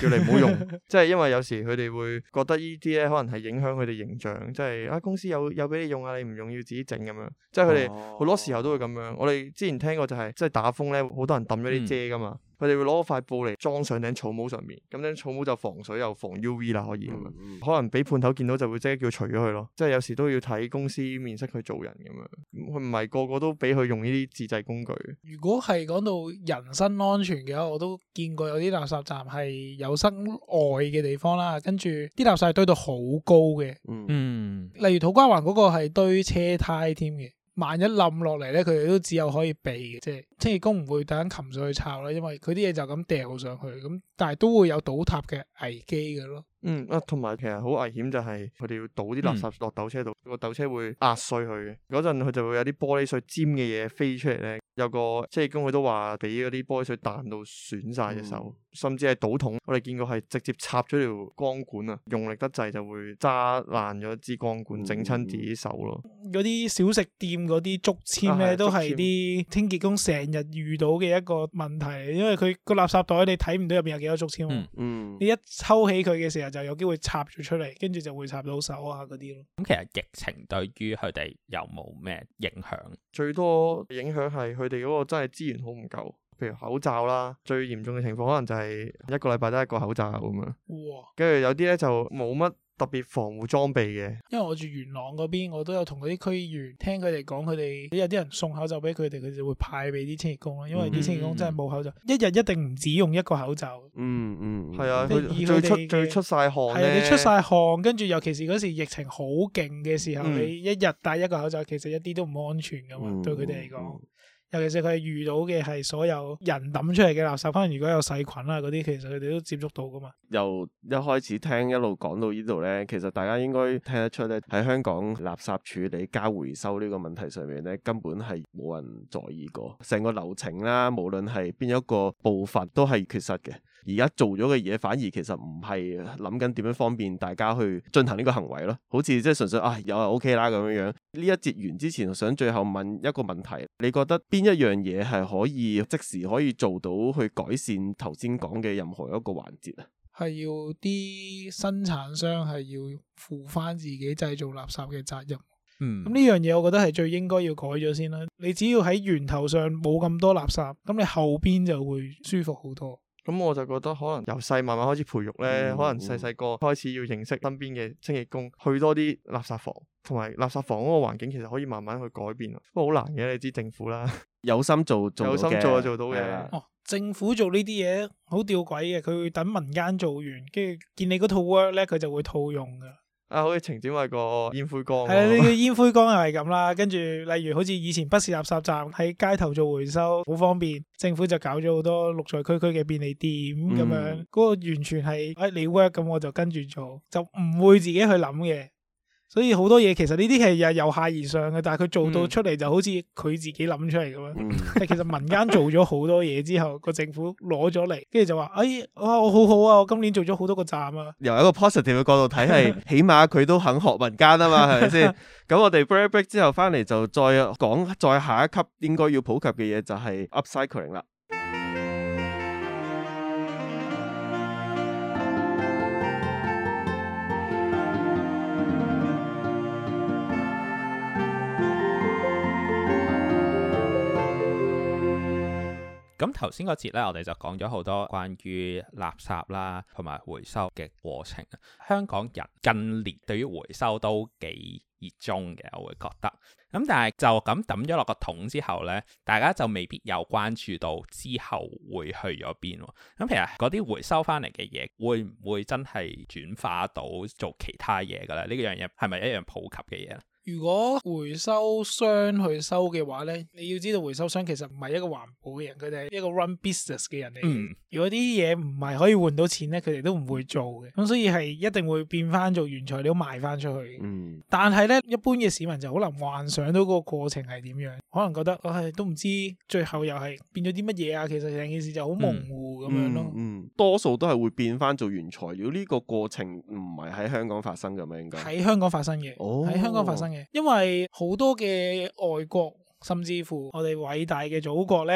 叫你唔好用，即係 因為有時佢哋會覺得呢啲咧可能係影響佢哋形象，即係啊公司有有俾你用啊，你唔用要自己整咁樣，即係佢哋好多時候都會咁樣。哦、我哋之前聽過就係，即係打風咧，好多人抌咗啲遮噶嘛。嗯佢哋會攞塊布嚟裝上頂草帽上面，咁樣草帽就防水又防 U V 啦，可以。嗯、可能俾判頭見到就會即刻叫除咗佢咯，即係有時都要睇公司面色去做人咁樣，佢唔係個個都俾佢用呢啲自製工具。如果係講到人身安全嘅話，我都見過有啲垃圾站係有室外嘅地方啦，跟住啲垃圾堆到好高嘅。嗯，例如土瓜環嗰個係堆車胎添嘅，萬一冧落嚟咧，佢哋都只有可以避嘅，即係。清潔工唔會等琴上去抄啦，因為佢啲嘢就咁掉上去，咁但係都會有倒塌嘅危機嘅咯。嗯啊，同埋其實好危險就係佢哋要倒啲垃圾落斗車度，個斗、嗯、車會壓碎佢。嗰陣佢就會有啲玻璃碎尖嘅嘢飛出嚟咧。有個清潔工佢都話俾嗰啲玻璃碎彈到損晒隻手，嗯、甚至係倒桶，我哋見過係直接插咗條光管啊，用力得滯就會揸爛咗支光管，整親自己手咯。嗰啲、嗯啊、小食店嗰啲竹簽咧，都係啲清潔工成日遇到嘅一個問題，因為佢個垃圾袋你睇唔到入邊有幾多竹籤，嗯，你一抽起佢嘅時候，就有機會插住出嚟，跟住就會插到手啊嗰啲咯。咁、嗯、其實疫情對於佢哋又冇咩影響？最多影響係佢哋嗰個真係資源好唔夠，譬如口罩啦。最嚴重嘅情況可能就係一個禮拜得一個口罩咁樣。哇！跟住有啲咧就冇乜特別防護裝備嘅，因為我住元朗嗰邊，我都有同嗰啲區議員聽佢哋講，佢哋有啲人送口罩俾佢哋，佢就會派俾啲清潔工咯。因為啲清潔工真係冇口罩，嗯、一日一定唔止用一個口罩。嗯嗯、係、嗯、啊，佢、嗯、出出晒汗。係，你出晒汗，跟住尤其是嗰時疫情好勁嘅時候，嗯、你一日戴一個口罩，其實一啲都唔安全噶嘛，嗯嗯、對佢哋嚟講。尤其是佢遇到嘅係所有人抌出嚟嘅垃圾，可能如果有細菌啊嗰啲，其實佢哋都接觸到噶嘛。由一開始聽一路講到呢度咧，其實大家應該聽得出咧，喺香港垃圾處理加回收呢個問題上面咧，根本係冇人在意過成個流程啦，無論係邊一個步伐都係缺失嘅。而家做咗嘅嘢，反而其實唔係諗緊點樣方便大家去進行呢個行為咯，好似即係純粹啊又係 OK 啦咁樣樣。呢一節完之前，想最後問一個問題，你覺得邊一樣嘢係可以即時可以做到去改善頭先講嘅任何一個環節咧？係要啲生產商係要負翻自己製造垃圾嘅責任。嗯，咁呢樣嘢我覺得係最應該要改咗先啦。你只要喺源頭上冇咁多垃圾，咁你後邊就會舒服好多。咁我就覺得可能由細慢慢開始培育咧，嗯、可能細細個開始要認識身邊嘅清潔工，去多啲垃圾房，同埋垃圾房嗰個環境其實可以慢慢去改變，不過好難嘅，你知政府啦，有心做做，有心做就做到嘅。的哦，政府做呢啲嘢好吊詭嘅，佢會等民間做完，跟住見你嗰套 work 咧，佢就會套用噶。啊，好似程展為個煙灰缸，係啊，呢、這個煙灰缸又係咁啦。跟住，例如好似以前不是垃圾站喺街頭做回收好方便，政府就搞咗好多綠在區區嘅便利店咁樣，嗰、嗯、個完全係，哎你 work 咁我就跟住做，就唔會自己去諗嘅。所以好多嘢，其實呢啲係由下而上嘅，但係佢做到出嚟就好似佢自己諗出嚟咁樣。 其實民間做咗好多嘢之後，個 政府攞咗嚟，跟住就話：哎，哇我我好好啊，我今年做咗好多個站啊。由一個 positive 嘅角度睇，係 起碼佢都肯學民間啊嘛，係咪先？咁 我哋 break break 之後返嚟就再講，再下一級應該要普及嘅嘢就係 upcycling 啦。咁頭先嗰節咧，我哋就講咗好多關於垃圾啦同埋回收嘅過程。香港人近年對於回收都幾熱衷嘅，我會覺得。咁但係就咁抌咗落個桶之後呢，大家就未必有關注到之後會去咗邊喎。咁其實嗰啲回收翻嚟嘅嘢，會唔會真係轉化到做其他嘢㗎咧？呢個樣嘢係咪一樣普及嘅嘢？如果回收商去收嘅話咧，你要知道回收商其實唔係一個環保嘅人，佢哋係一個 run business 嘅人嚟。嗯、如果啲嘢唔係可以換到錢咧，佢哋都唔會做嘅。咁所以係一定會變翻做原材料賣翻出去。嗯。但係咧，一般嘅市民就好難幻想到個過程係點樣，可能覺得唉、哎、都唔知最後又係變咗啲乜嘢啊。其實成件事就好模糊咁、嗯、樣咯嗯。嗯，多數都係會變翻做原材料。呢個過程唔係喺香港發生嘅嘛？是是應該喺香港發生嘅。哦，喺香港發生。Oh. 因為好多嘅外國，甚至乎我哋偉大嘅祖國呢，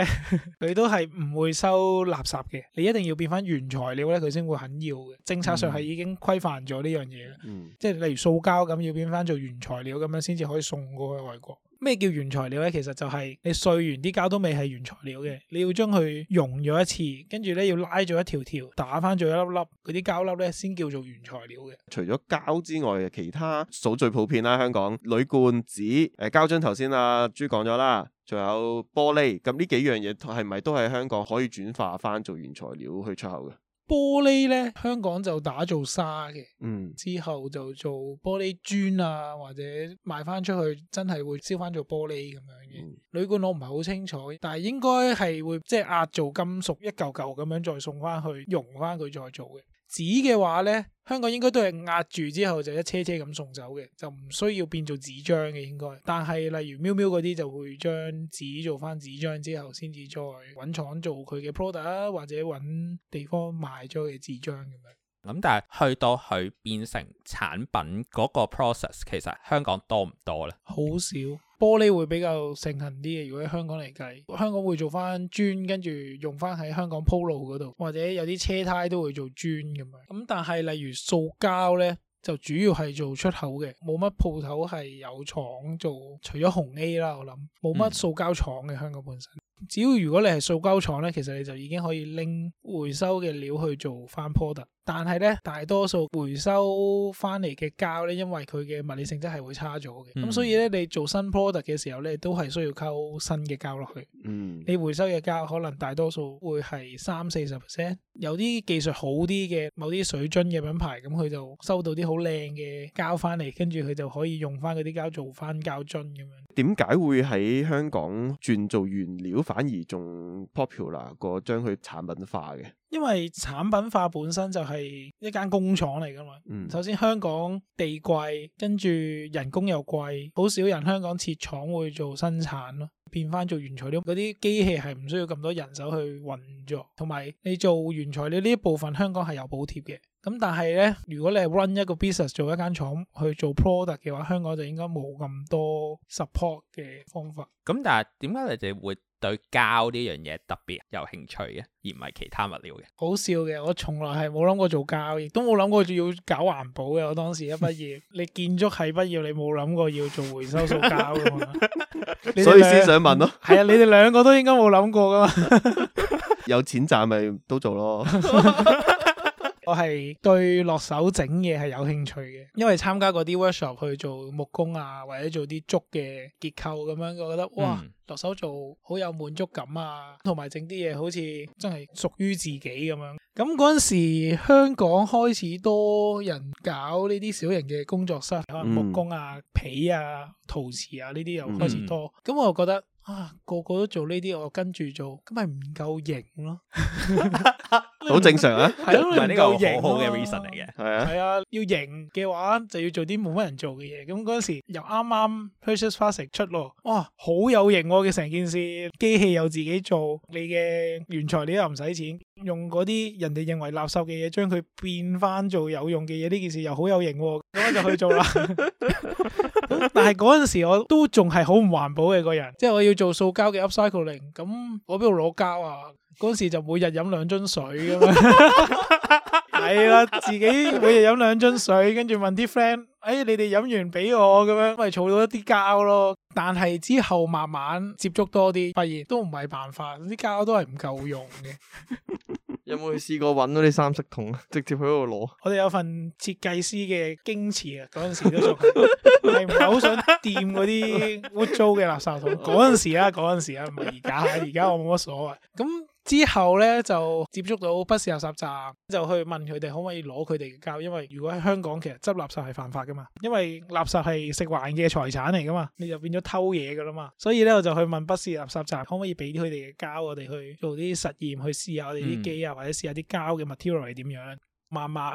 佢 都係唔會收垃圾嘅。你一定要變翻原材料呢，佢先會肯要嘅。政策上係已經規範咗呢樣嘢，即係例如塑膠咁，要變翻做原材料咁樣，先至可以送過去外國。咩叫原材料咧？其實就係你碎完啲膠都未係原材料嘅，你要將佢溶咗一次，跟住咧要拉咗一條條，打翻做一粒粒，嗰啲膠粒咧先叫做原材料嘅。除咗膠之外，嘅其他數最普遍啦、啊，香港鋁罐子、誒、呃、膠樽頭先啊，朱講咗啦，仲有玻璃，咁呢幾樣嘢係咪都係香港可以轉化翻做原材料去出口嘅？玻璃咧，香港就打造沙嘅，嗯、之後就做玻璃磚啊，或者賣翻出去，真係會燒翻做玻璃咁樣嘅。嗯、鋁罐我唔係好清楚，但係應該係會即係壓做金屬，一嚿嚿咁樣再送翻去溶翻佢再做嘅。紙嘅話咧，香港應該都係壓住之後就一車車咁送走嘅，就唔需要變做紙張嘅應該。但係例如喵喵嗰啲就會將紙做返紙張之後，先至再揾廠做佢嘅 product 或者揾地方賣咗嘅紙張咁樣。咁但係去到佢變成產品嗰個 process，其實香港多唔多呢？好少，玻璃會比較盛行啲嘅。如果喺香港嚟計，香港會做翻磚，跟住用翻喺香港鋪路嗰度，或者有啲車胎都會做磚咁樣。咁但係例如塑膠呢，就主要係做出口嘅，冇乜鋪頭係有廠做，除咗紅 A 啦，我諗冇乜塑膠廠嘅香港本身。嗯。只要如果你係塑膠廠咧，其實你就已經可以拎回收嘅料去做翻 product。但係咧，大多數回收翻嚟嘅膠咧，因為佢嘅物理性質係會差咗嘅。咁、嗯、所以咧，你做新 product 嘅時候咧，都係需要溝新嘅膠落去。嗯。你回收嘅膠可能大多數會係三四十 percent，有啲技術好啲嘅某啲水樽嘅品牌，咁佢就收到啲好靚嘅膠翻嚟，跟住佢就可以用翻嗰啲膠做翻膠樽咁樣。點解會喺香港轉做原料？反而仲 popular 過將佢產品化嘅，因為產品化本身就係一間工廠嚟噶嘛。嗯、首先香港地貴，跟住人工又貴，好少人香港設廠會做生產咯，變翻做原材料，嗰啲機器係唔需要咁多人手去運作，同埋你做原材料呢一部分香港係有補貼嘅。咁但係咧，如果你係 run 一個 business 做一間廠去做 product 嘅話，香港就應該冇咁多 support 嘅方法。咁但係點解你哋會。對膠呢樣嘢特別有興趣嘅，而唔係其他物料嘅。好笑嘅，我從來係冇諗過做膠，亦都冇諗過要搞環保嘅。我當時一畢業， 你建築系畢業，你冇諗過要做回收塑膠噶嘛？ 所以先想問咯、啊。係啊，你哋兩個都應該冇諗過噶嘛？ 有錢賺咪都做咯。 我係對落手整嘢係有興趣嘅，因為參加嗰啲 workshop 去做木工啊，或者做啲竹嘅結構咁樣，我覺得哇，落手做好有滿足感啊，同埋整啲嘢好似真係屬於自己咁樣。咁嗰陣時香港開始多人搞呢啲小型嘅工作室，可能木工啊、皮啊、陶瓷啊呢啲又開始多，咁、嗯、我就覺得啊，個個都做呢啲，我跟住做，咁咪唔夠型咯、啊。 好正常啊，係呢、啊、個好好嘅 reason 嚟嘅，係啊，要型嘅話就要做啲冇乜人做嘅嘢。咁嗰時又啱啱 Precious Plastic 出咯，哇，好有型嘅成件事，機器又自己做，你嘅原材料又唔使錢，用嗰啲人哋認為垃圾嘅嘢，將佢變翻做有用嘅嘢，呢件事又好有型、啊，咁就去做啦。 但係嗰陣時我都仲係好唔環保嘅個人，即係我要做塑膠嘅 upcycling，咁我邊度攞膠啊？嗰時就每日飲兩樽水咁樣，係啦，自己每日飲兩樽水，跟住問啲 friend，誒，你哋飲完俾我咁樣，咪儲到一啲膠咯。但係之後慢慢接觸多啲，發現都唔係辦法，啲膠都係唔夠用嘅。有冇去試過搵到啲三色桶啊？直接喺度攞。我哋有份設計師嘅矜持啊，嗰陣時都仲係唔係好想掂嗰啲污糟嘅垃圾桶。嗰陣時啊，嗰陣時啊，唔係而家，而家我冇乜所謂。咁。之後咧就接觸到不是垃圾站，就去問佢哋可唔可以攞佢哋嘅膠，因為如果喺香港其實執垃圾係犯法噶嘛，因為垃圾係食環嘅財產嚟噶嘛，你就變咗偷嘢噶啦嘛，所以咧我就去問不是垃圾站可唔可以俾佢哋嘅膠我哋去做啲實驗去試下我哋啲機啊，或者試下啲膠嘅 material 係點樣。嗯。慢慢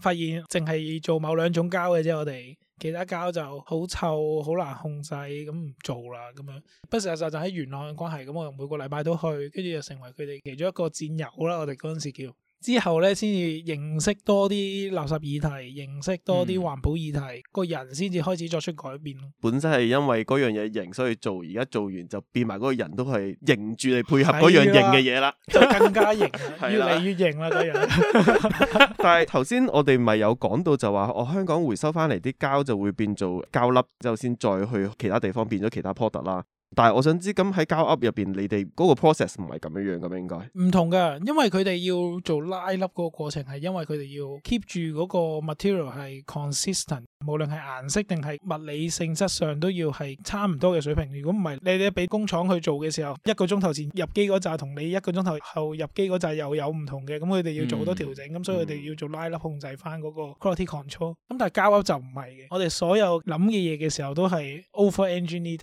發現淨係做某兩種膠嘅啫，我哋其他膠就好臭，好難控制，咁唔做啦，咁樣。不是就喺元朗嘅關係，咁我每個禮拜都去，跟住，就成為佢哋其中一個戰友啦。我哋嗰陣時叫。之後咧，先至認識多啲垃圾議題，認識多啲環保議題，個、嗯、人先至開始作出改變咯。本身係因為嗰樣嘢型，所以做而家做完就變埋嗰個人都係型住你配合嗰樣型嘅嘢啦，就更加型， 啦越嚟越型啦個人。 但係頭先我哋咪有講到就話，我香港回收翻嚟啲膠就會變做膠粒，之後先再去其他地方變咗其他 product 啦。但係我想知，咁喺 Gaau1 Up 入邊，你哋嗰個 process 唔係咁樣樣噶咩？應該唔同噶，因為佢哋要做拉粒嗰個過程，係因為佢哋要 keep 住嗰個 material 係 consistent，無論係顏色定係物理性質上都要係差唔多嘅水平。如果唔係，你哋俾工廠去做嘅時候，一個鐘頭前入機嗰陣同你一個鐘頭後入機嗰陣又有唔同嘅，咁佢哋要做好多調整。咁所以佢哋要做拉粒控制翻嗰個 quality control。咁但係 Gaau1 Up 就唔係嘅，我哋所有諗嘅嘢嘅時候都係 over engineered。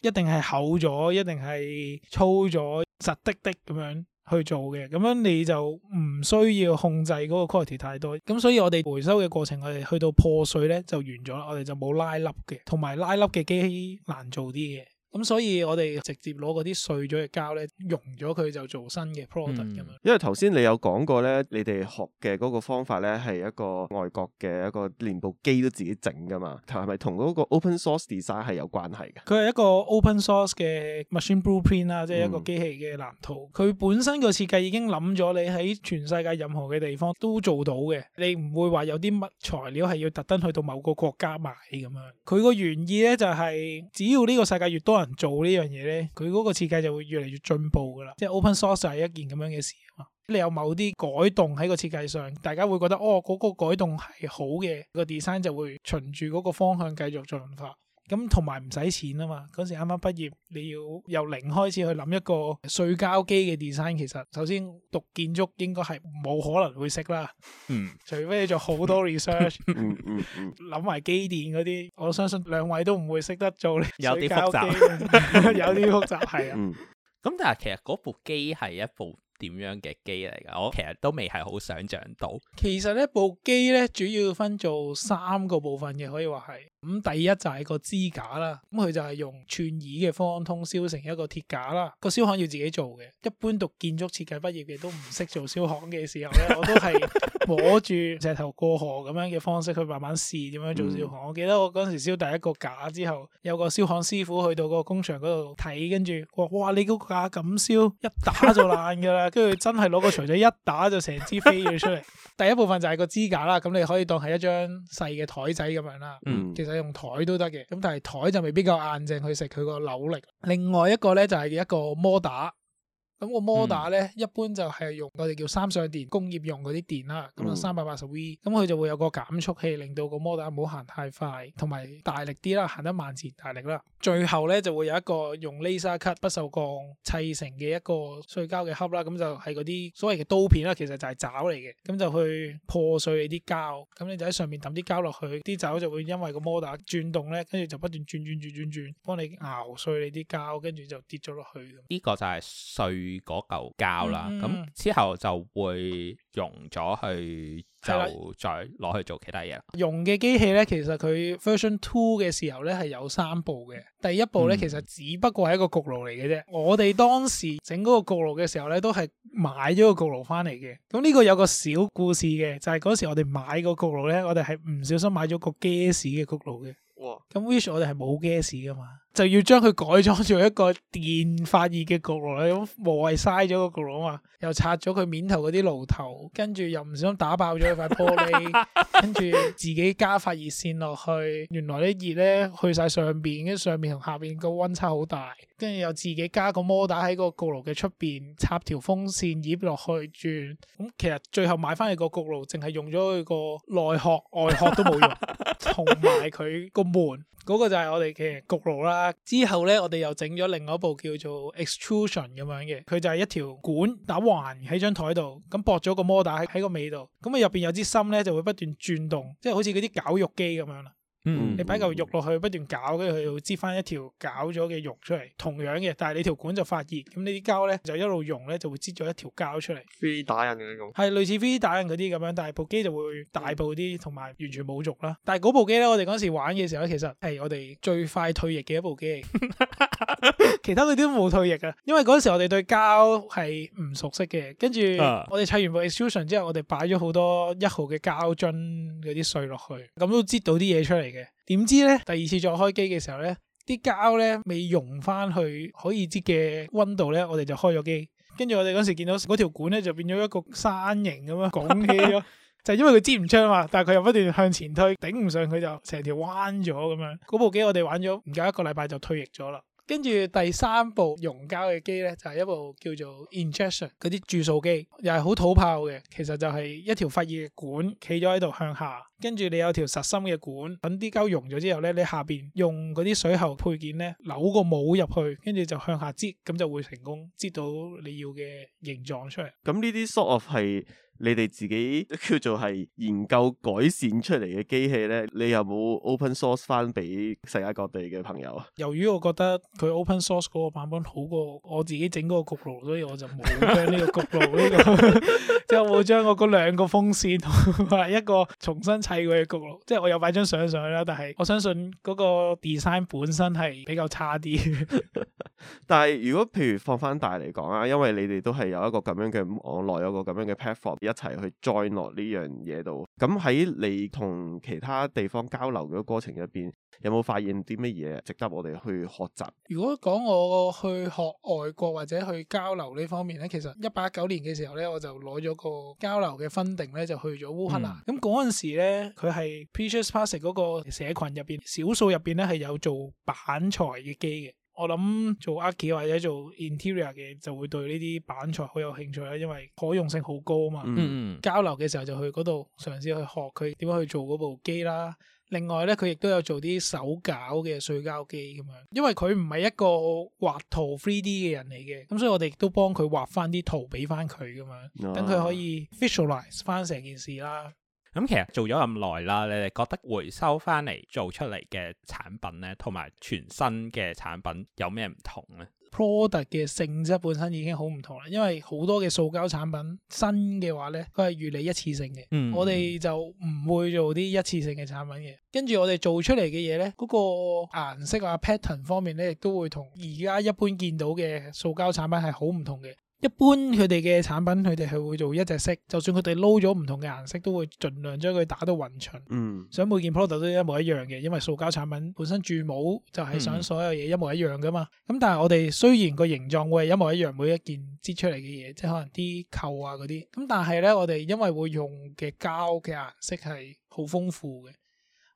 一定係厚咗，一定係粗咗，實滴滴咁樣去做嘅，咁樣你就唔需要控制嗰個 quality 太多。咁所以我哋回收嘅過程，我哋去到破碎咧就完咗啦，我哋就冇拉粒嘅，同埋拉粒嘅機器難做啲嘅。咁所以，我哋直接攞嗰啲碎咗嘅膠咧，溶咗佢就做新嘅 product 咁樣。嗯，因為頭先你有講過咧，你哋學嘅個方法咧，係一個外國嘅一個連部機都自己整噶嘛，係咪同嗰個 open source design 係有關係嘅？佢係一個 open source 嘅 machine blueprint 啊，即係一個機器嘅藍圖，佢、嗯、本身個設計已經諗咗你喺全世界任何嘅地方都做到嘅，你唔會話有啲乜材料係要特登去到某個國家買咁樣，佢個原意咧就係、是、只要呢個世界越多人。做呢樣嘢咧，佢嗰個設計就會越嚟越進步噶啦。即係 open source 係一件咁樣嘅事，你有某啲改動喺個設計上，大家會覺得哦嗰個改動係好嘅，個 design 就會循住嗰個方向繼續進化。咁同埋唔使錢啊嘛！嗰時啱啱畢業，你要由零開始去諗一個碎膠機嘅 design，其實首先讀建築應該係冇可能會識啦。嗯，除非你做好多 research，諗埋機電嗰啲，我相信兩位都唔會識得做咧。有啲複雜，有啲複雜係啊。咁但係其實嗰部機係一部點樣嘅機嚟㗎？我其實都未係好想像到。其實咧，部機咧主要分做三個部分嘅，可以話係。咁第一就係個支架啦，咁佢就係用串椅嘅方通燒成一個鐵架啦。個燒焊要自己做嘅，一般讀建築設計畢業嘅都唔識做燒焊嘅時候咧， 我都係摸住石頭過河咁樣嘅方式去慢慢試點樣做燒焊。嗯、我記得我嗰時燒第一個架之後，有個燒焊師傅去到個工場嗰度睇，跟住話，哇，你嗰個架咁燒，一打就爛噶啦。跟住 真係攞個錘仔一打就成支飛咗出嚟。 第一部分就係個支架啦，咁你可以當係一張細嘅台仔咁樣啦。嗯，其實。用台都得嘅，咁但係台就未必夠硬淨去食佢個扭力。另外一個咧就係一個摩打。咁個摩打咧，嗯、一般就係用我哋叫三相電工業用嗰啲電啦，咁就三百八十 V，咁佢、嗯、就會有個減速器，令到個摩打唔好行太快，同埋大力啲啦，行得慢前大力啦。最後咧就會有一個用 laser cut 不鏽鋼砌成嘅一個碎膠嘅盒啦，咁就係嗰啲所謂嘅刀片啦，其實就係爪嚟嘅，咁就去破碎你啲膠。咁你就喺上面揼啲膠落去，啲爪就會因為個摩打轉動咧，跟住就不斷轉轉轉轉轉，幫你熬碎你啲膠，跟住就跌咗落去。呢個就係碎。嗰嚿膠啦，咁、嗯、之後就會溶咗去，就再攞去做其他嘢啦。溶嘅機器咧，其實佢 version two 嘅時候咧係有三步嘅。第一步咧，其實只不過係一個焗爐嚟嘅啫。嗯、我哋當時整嗰個焗爐嘅時候咧，都係買咗個焗爐翻嚟嘅。咁呢個有個小故事嘅，就係、是、嗰時我哋買個焗爐咧，我哋係唔小心買咗個 gas 嘅焗爐嘅。咁哇 wish 我哋係冇 gas 噶嘛？就要將佢改裝做一個電發熱嘅焗爐，咁無謂嘥咗個焗爐啊嘛，又拆咗佢面頭嗰啲爐頭，跟住又唔小心打爆咗佢塊玻璃，跟住自己加發熱線落去，原來啲熱咧去晒上邊，跟住上面同下邊個溫差好大，跟住又自己加個摩打喺個焗爐嘅出邊插條風扇葉落去轉，咁其實最後買翻嚟個焗爐淨係用咗佢個內殼，外殼都冇用，同埋佢個門嗰個就係我哋嘅焗爐啦。之後咧，我哋又整咗另外一部叫做 extrusion 咁樣嘅，佢就係一條管打橫喺張台度，咁駁咗個摩打喺個尾度，咁啊入邊有支芯咧就會不斷轉動，即係好似啲絞肉機咁樣啦。嗯，你擺嚿肉落去，不斷攪，跟住佢會擠翻一條攪咗嘅肉出嚟，同樣嘅，但係你條管就發熱，咁呢啲膠咧就一路溶咧，就會擠咗一條膠出嚟。3D 打印嗰啲咁，係類似 3D 打印嗰啲咁樣，但係部機就會大部啲，同埋完全冇肉啦。但係嗰部機咧，我哋嗰時玩嘅時候，其實係我哋最快退役嘅一部機， 其他嗰啲都冇退役啊。因為嗰時我哋對膠係唔熟悉嘅，跟住我哋砌完部 Extrusion 之後，我哋擺咗好多一號嘅膠樽嗰啲碎落去，咁都擠到啲嘢出嚟。點知呢？第二次再開機嘅時候呢，啲膠咧未溶翻去可以擠嘅溫度呢，我哋就開咗機，跟住我哋嗰時見到嗰條管呢，就變咗一個山形咁樣拱起咗， 就因為佢擠唔出啊嘛，但係佢又不斷向前推，頂唔上佢就成條彎咗咁樣。嗰部機我哋玩咗唔夠一個禮拜就退役咗啦。跟住第三部溶膠嘅機呢，就係一部叫做 Injection 嗰啲注塑機，又係好土炮嘅，其實就係一條發熱嘅管企咗喺度向下。跟住你有條實心嘅管，等啲膠溶咗之後呢，你下邊用嗰啲水喉配件呢扭個帽入去，跟住就向下擠，咁就會成功擠到你要嘅形狀出嚟。咁呢啲 sort of 係你哋自己叫做係研究改善出嚟嘅機器呢，你有冇 open source 翻俾世界各地嘅朋友啊？由於我覺得佢 open source 嗰個版本好過我自己整嗰個焗爐，所以我就冇將呢個焗爐呢、 這個這個，即係我冇將我嗰兩個風扇同埋一個重新。係佢哋焗咯，即係我有擺張相上去啦。但係我相信嗰個 design 本身係比較差啲。但係如果譬如放翻大嚟講啊，因為你哋都係有一個咁樣嘅網絡，有一個咁樣嘅 platform 一齊去 join 落呢樣嘢度。咁喺你同其他地方交流嘅過程入邊，有冇發現啲乜嘢值得我哋去學習？如果講我去學外國或者去交流呢方面呢，其實一八九年嘅時候呢，我就攞咗個交流嘅分定呢，就去咗烏克蘭。咁嗰陣時咧。佢係 Precious Plastic 嗰個社群入邊，少數入邊咧係有做板材嘅機嘅。我諗做 Archi 或者做 Interior 嘅就會對呢啲板材好有興趣啦，因為可用性好高啊嘛。嗯嗯，交流嘅時候就去嗰度嘗試去學佢點樣去做嗰部機啦。另外咧，佢亦都有做啲手搞嘅碎膠機咁樣，因為佢唔係一個畫圖 Three D 嘅人嚟嘅，咁所以我哋亦都幫佢畫翻啲圖俾翻佢咁樣，等佢可以 Visualize 翻成件事啦。咁其實做咗咁耐啦，你哋覺得回收翻嚟做出嚟嘅產品咧，同埋全新嘅產品有咩唔同咧？product 嘅性質本身已經好唔同啦，因為好多嘅塑膠產品新嘅話咧，佢係越嚟一次性嘅。嗯、我哋就唔會做啲一,一次性嘅產品嘅。跟住我哋做出嚟嘅嘢咧，嗰、嗰個顏色啊 pattern 方面咧，亦都會同而家一般見到嘅塑膠產品係好唔同嘅。一般佢哋嘅產品，佢哋係會做一隻色，就算佢哋撈咗唔同嘅顏色，都會盡量將佢打到勻巡。嗯，所以每件 product 都一模一樣嘅，因為塑膠產品本身注模就係想所有嘢一模一樣㗎嘛。咁、嗯、但係我哋雖然個形狀會係一模一樣，每一件擠出嚟嘅嘢，即係可能啲扣啊嗰啲。咁但係咧，我哋因為會用嘅膠嘅顏色係好豐富嘅。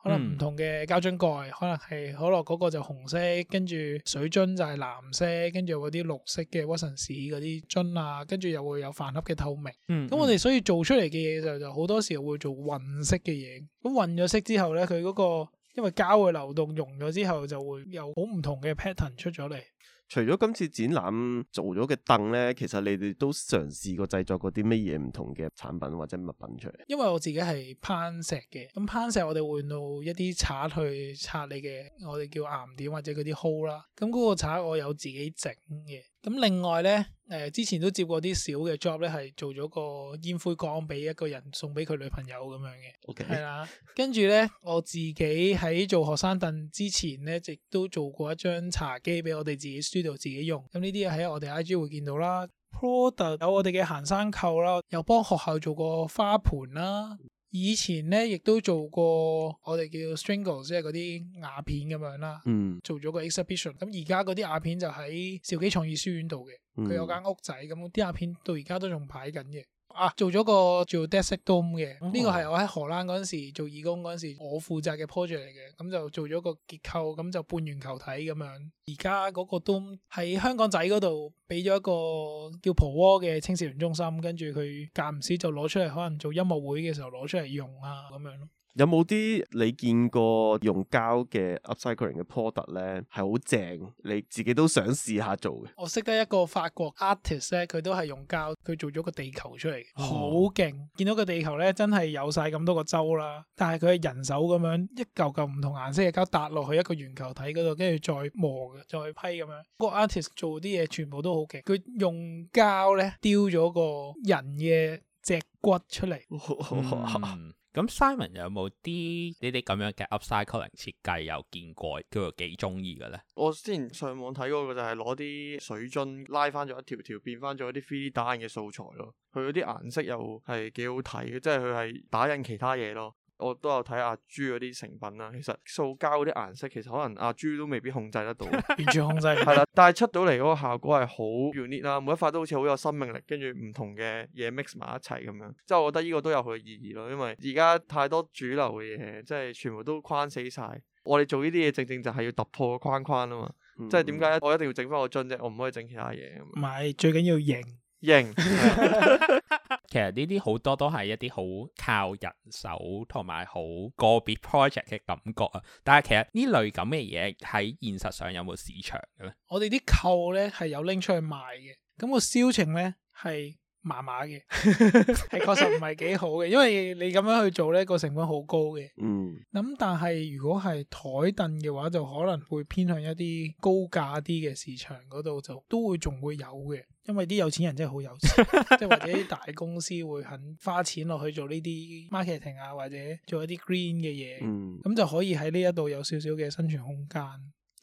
可能唔同嘅膠樽蓋，可能係可樂嗰個就紅色，跟住水樽就係藍色，跟住嗰啲綠色嘅 Watsons 嗰啲樽啊，跟住又會有飯盒嘅透明。咁、嗯嗯、我哋所以做出嚟嘅嘢就、就好多時候會做混色嘅嘢。咁混咗色之後咧，佢嗰、嗰個因為膠嘅流動溶咗之後，就會有好唔同嘅 pattern 出咗嚟。除咗今次展覽做咗嘅凳咧，其實你哋都嘗試過製作過啲乜嘢唔同嘅產品或者物品出嚟？因為我自己係攀石嘅，咁攀石我哋會用到一啲刷去刷你嘅，我哋叫岩點或者嗰啲 hole 啦。咁嗰個刷我有自己整嘅。咁另外咧，誒、呃、之前都接過啲小嘅 job 咧，係做咗個煙灰缸俾一個人送俾佢女朋友咁樣嘅，係啦 Okay.。跟住咧，我自己喺做學生凳之前咧，一直都做過一張茶几俾我哋自己 studio 自己用。咁呢啲喺我哋 IG 會見到啦。Product 有我哋嘅行山扣啦，又幫學校做過花盆啦。以前咧，亦都做過我哋叫 stringle，即係嗰啲瓦片咁樣啦。嗯，做咗個 exhibition。咁而家嗰啲瓦片就喺兆基創意書院度嘅，佢有間屋仔，咁啲瓦片到而家都仲擺緊嘅。啊！做咗個做 geodesic dome 嘅，呢、嗯、哼個係我喺荷蘭嗰陣時做義工嗰陣時，我負責嘅 project 嚟嘅，咁、嗯、就做咗個結構，咁、嗯、就半圓球體咁樣。而家嗰個 dome 喺香港仔嗰度俾咗一個叫蒲窩嘅青少年中心，跟住佢間唔時就攞出嚟，可能做音樂會嘅時候攞出嚟用啊咁樣咯。有冇啲你見過用膠嘅 upcycling 嘅 product 咧係好正，你自己都想試下做嘅？我識得一個法國 artist 咧，佢都係用膠佢做咗個地球出嚟，好勁、哦！見到個地球咧，真係有晒咁多個洲啦。但係佢係人手咁樣一嚿嚿唔同顏色嘅膠搭落去一個圓球體嗰度，跟住再磨、再批咁樣。個 artist 做啲嘢全部都好勁，佢用膠咧雕咗個人嘅脊骨出嚟。哦嗯咁 Simon 有冇啲呢啲咁樣嘅 upcycling 設計有見過，都幾中意嘅咧？我之前上網睇過嘅就係攞啲水樽拉翻咗一條條，變翻咗啲 three D 打印嘅素材咯。佢嗰啲顏色又係幾好睇嘅，即係佢係打印其他嘢咯。我都有睇阿朱嗰啲成品啦，其實塑膠嗰啲顏色其實可能阿朱都未必控制得到，完全控制係啦。但係出到嚟嗰個效果係好 unique 啦，每一塊都好似好有生命力，跟住唔同嘅嘢 mix 埋一齊咁樣。即係我覺得呢個都有佢嘅意義咯，因為而家太多主流嘅嘢，即係全部都框死晒。我哋做呢啲嘢正正就係要突破個框框啊嘛。嗯、即係點解我一定要整翻個樽啫？我唔可以整其他嘢。唔係最緊要型。型， 其實呢啲好多都係一啲好靠人手同埋好個別 project 嘅感覺啊！但係其實呢類咁嘅嘢喺現實上有冇市場嘅咧？我哋啲扣咧係有拎出去賣嘅，咁個銷情咧係，麻麻嘅，係確 實唔係幾好嘅，因為你咁樣去做呢個成本好高嘅。嗯，咁但係如果係台凳嘅話，就可能會偏向一啲高價啲嘅市場嗰度，就都會仲會有嘅，因為啲有錢人真係好有錢，即係 或者啲大公司會肯花錢落去做呢啲 marketing 啊，或者做一啲 green 嘅嘢。嗯，咁就可以喺呢一度有少少嘅生存空間。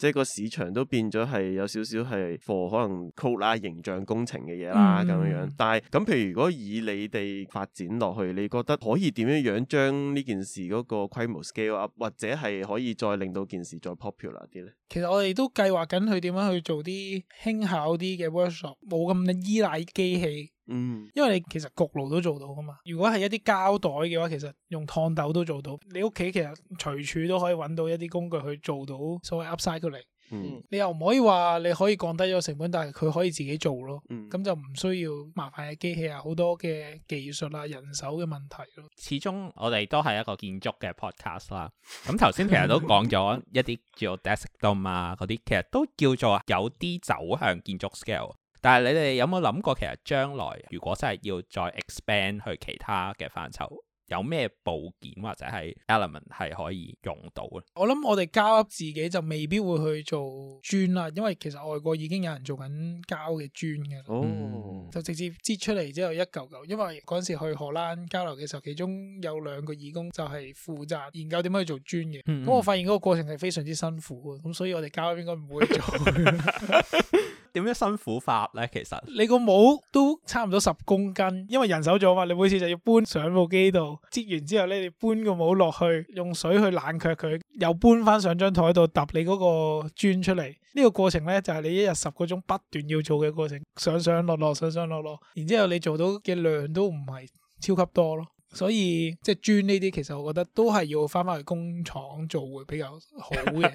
即係個市場都變咗係有少少係貨可能 cool 啦、形象工程嘅嘢啦咁樣、嗯、樣，但係咁譬如如果以你哋發展落去，你覺得可以點樣樣將呢件事嗰個規模 scale up，或者係可以再令到件事再 popular 啲咧？其實我哋都計劃緊去點樣去做啲輕巧啲嘅 workshop，冇咁依賴機器。嗯，因為你其實焗爐都做到噶嘛。如果係一啲膠袋嘅話，其實用燙斗都做到。你屋企其實隨處都可以揾到一啲工具去做到所謂 upcycling。嗯，你又唔可以話你可以降低咗成本，但係佢可以自己做咯。嗯，咁就唔需要麻煩嘅機器啊，好多嘅技術啊，人手嘅問題咯。始終我哋都係一個建築嘅 podcast 啦。咁頭先其實都講咗一啲叫 geodesic dome 啊嗰啲，其實都叫做有啲走向建築 scale。但係你哋有冇諗過，其實將來如果真係要再 expand 去其他嘅範疇，有咩部件或者係 element 係可以用到咧？我諗我哋膠自己就未必會去做磚啦，因為其實外國已經有人做緊膠嘅磚嘅，哦、嗯，就直接擠出嚟之後一嚿嚿。因為嗰陣時去荷蘭交流嘅時候，其中有兩個義工就係負責研究點樣去做磚嘅。咁、嗯嗯、我發現嗰個過程係非常之辛苦嘅，咁所以我哋膠應該唔會做。 點樣辛苦法咧？其實你個帽都差唔多十公斤，因為人手做啊嘛。你每次就要搬上部機度，接完之後咧，你搬個帽落去，用水去冷卻佢，又搬翻上張台度揼你嗰個磚出嚟。呢個過程咧，就係你一日十個鐘不斷要做嘅過程，上上落落，上上落落。然之後你做到嘅量都唔係超級多咯。所以即係磚呢啲，其實我覺得都係要翻翻去工廠做會比較好嘅。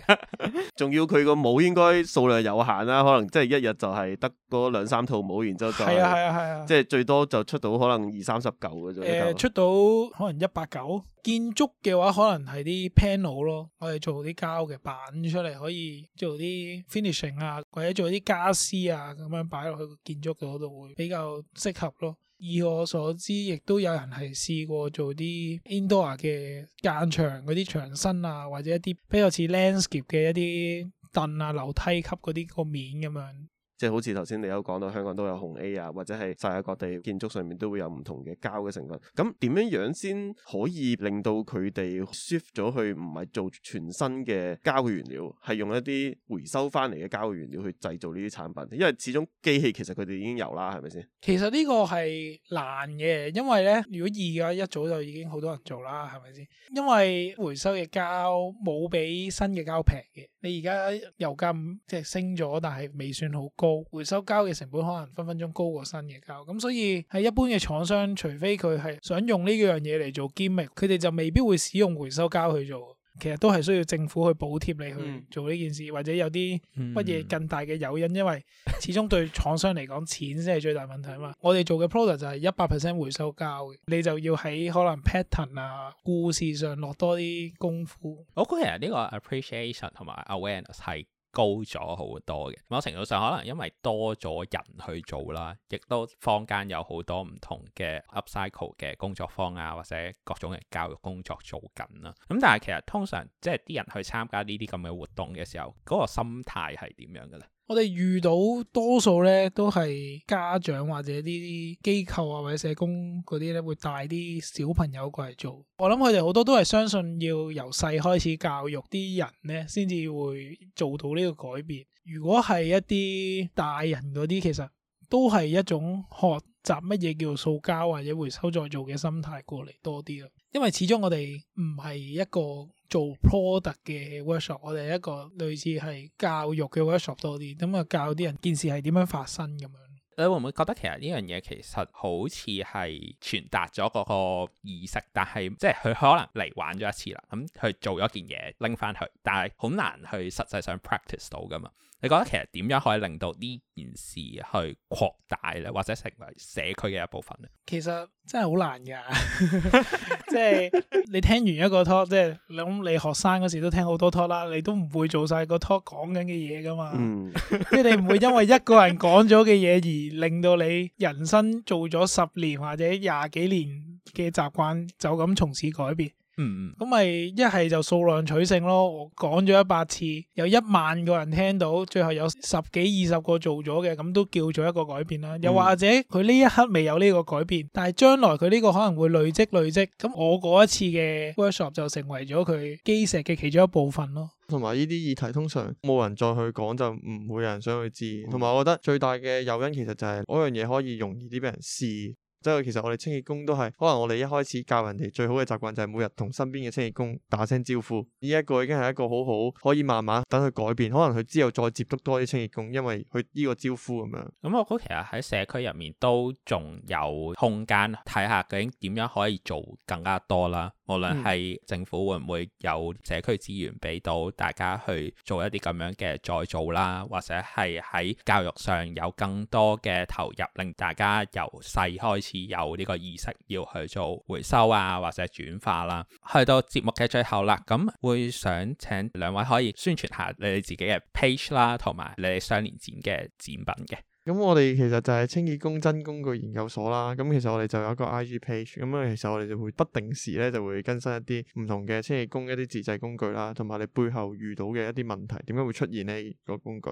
仲要，佢個帽應該數量有限啦，可能即係一日就係得嗰兩三套帽，然之後就係、是、啊係啊係啊，即係最多就出到可能二三十嚿嘅啫、呃。出到可能一百嚿，建築嘅話，可能係啲 panel 咯，我哋做啲膠嘅板出嚟，可以做啲 finishing 啊，或者做啲家私啊咁樣擺落去建築嗰度會比較適合咯。以我所知，亦都有人係試過做啲 indoor 嘅間牆嗰啲牆身啊，或者一啲比較似 landscape 嘅一啲凳啊、樓梯級嗰啲個面咁樣。即係好似頭先你有講到，香港都有紅 A 啊，或者係世界各地建築上面都會有唔同嘅膠嘅成分。咁點樣樣先可以令到佢哋 shift 咗去唔係做全新嘅膠嘅原料，係用一啲回收翻嚟嘅膠嘅原料去製造呢啲產品？因為始終機器其實佢哋已經有啦，係咪先？其實呢個係難嘅，因為咧，如果易嘅話，一早就已經好多人做啦，係咪先？因為回收嘅膠冇比新嘅膠平嘅。你而家油價即係升咗，但係未算好高。回收膠嘅成本可能分分鐘高過新嘅膠，咁所以喺一般嘅廠商，除非佢係想用呢樣嘢嚟做 gimmick，佢哋就未必會使用回收膠去做。其實都係需要政府去補貼你去做呢件事，或者有啲乜嘢更大嘅誘因，因為始終對廠商嚟講， 錢先係最大問題啊嘛。 我哋做嘅 product 就係一百 percent 回收膠嘅，你就要喺可能 pattern 啊、故事上落多啲功夫。我覺得其實呢個 appreciation 同埋 awareness 係高咗好多嘅，某程度上可能因為多咗人去做啦，亦都坊間有好多唔同嘅 upcycle 嘅工作坊啊，或者各種嘅教育工作做緊啦。咁但係其實通常即係啲人去參加呢啲咁嘅活動嘅時候，嗰個心態係點樣嘅咧？我哋遇到多數咧，都係家長或者呢啲機構啊，或者社工嗰啲咧，會帶啲小朋友過嚟做。我諗佢哋好多都係相信要由細開始教育啲人咧，先至會做到呢個改變。如果係一啲大人嗰啲，其實都係一種學習乜嘢叫做塑膠或者回收再做嘅心態過嚟多啲啊。因為始終我哋唔係一個做 product 嘅 workshop，我哋一個類似係教育嘅 workshop 多啲，咁、嗯、啊教啲人件事係點樣發生咁樣。你會唔會覺得其實呢樣嘢其實好似係傳達咗嗰個意識，但係即係佢可能嚟玩咗一次啦，咁、嗯、去做咗件嘢拎翻去，但係好難去實際上 practice 到㗎嘛。你覺得其實點樣可以令到呢件事去擴大咧，或者成為社區嘅一部分咧？其實真係好難噶，即係你聽完一個 talk，即係諗你學生嗰時都聽好多 talk 啦，你都唔會做晒個 talk 講緊嘅嘢噶嘛。 你哋唔會因為一個人講咗嘅嘢而令到你人生做咗十年或者廿幾年嘅習慣就咁從此改變。嗯，咁咪一係就數量取勝咯。我講咗一百次，有一萬個人聽到，最後有十幾二十個做咗嘅，咁都叫做一個改變啦。嗯、又或者佢呢一刻未有呢個改變，但係將來佢呢個可能會累積累積，咁我嗰一次嘅 workshop 就成為咗佢基石嘅其中一部分咯。同埋呢啲議題通常冇人再去講，就唔會有人想去知。同埋、嗯、我覺得最大嘅誘因其實就係嗰樣嘢可以容易啲俾人試。即係其實我哋清潔工都係，可能我哋一開始教人哋最好嘅習慣就係每日同身邊嘅清潔工打聲招呼，呢、這、一個已經係一個好好，可以慢慢等佢改變，可能佢之後再接觸多啲清潔工，因為佢呢個招呼咁樣。咁、嗯、我覺得其實喺社區入面都仲有空間，睇下究竟點樣可以做更加多啦。無論係政府會唔會有社區資源俾到大家去做一啲咁樣嘅再造啦，或者係喺教育上有更多嘅投入，令大家由細開始有呢個意識要去做回收啊，或者轉化啦。去到節目嘅最後啦，咁會想請兩位可以宣傳下你哋自己嘅 page 啦，同埋你哋雙年展嘅展品嘅。咁我哋其實就係清潔工真工具研究所啦，咁其實我哋就有一個 IG page，咁啊其實我哋就會不定時咧就會更新一啲唔同嘅清潔工一啲自製工具啦，同埋你背後遇到嘅一啲問題，點解會出現呢個工具。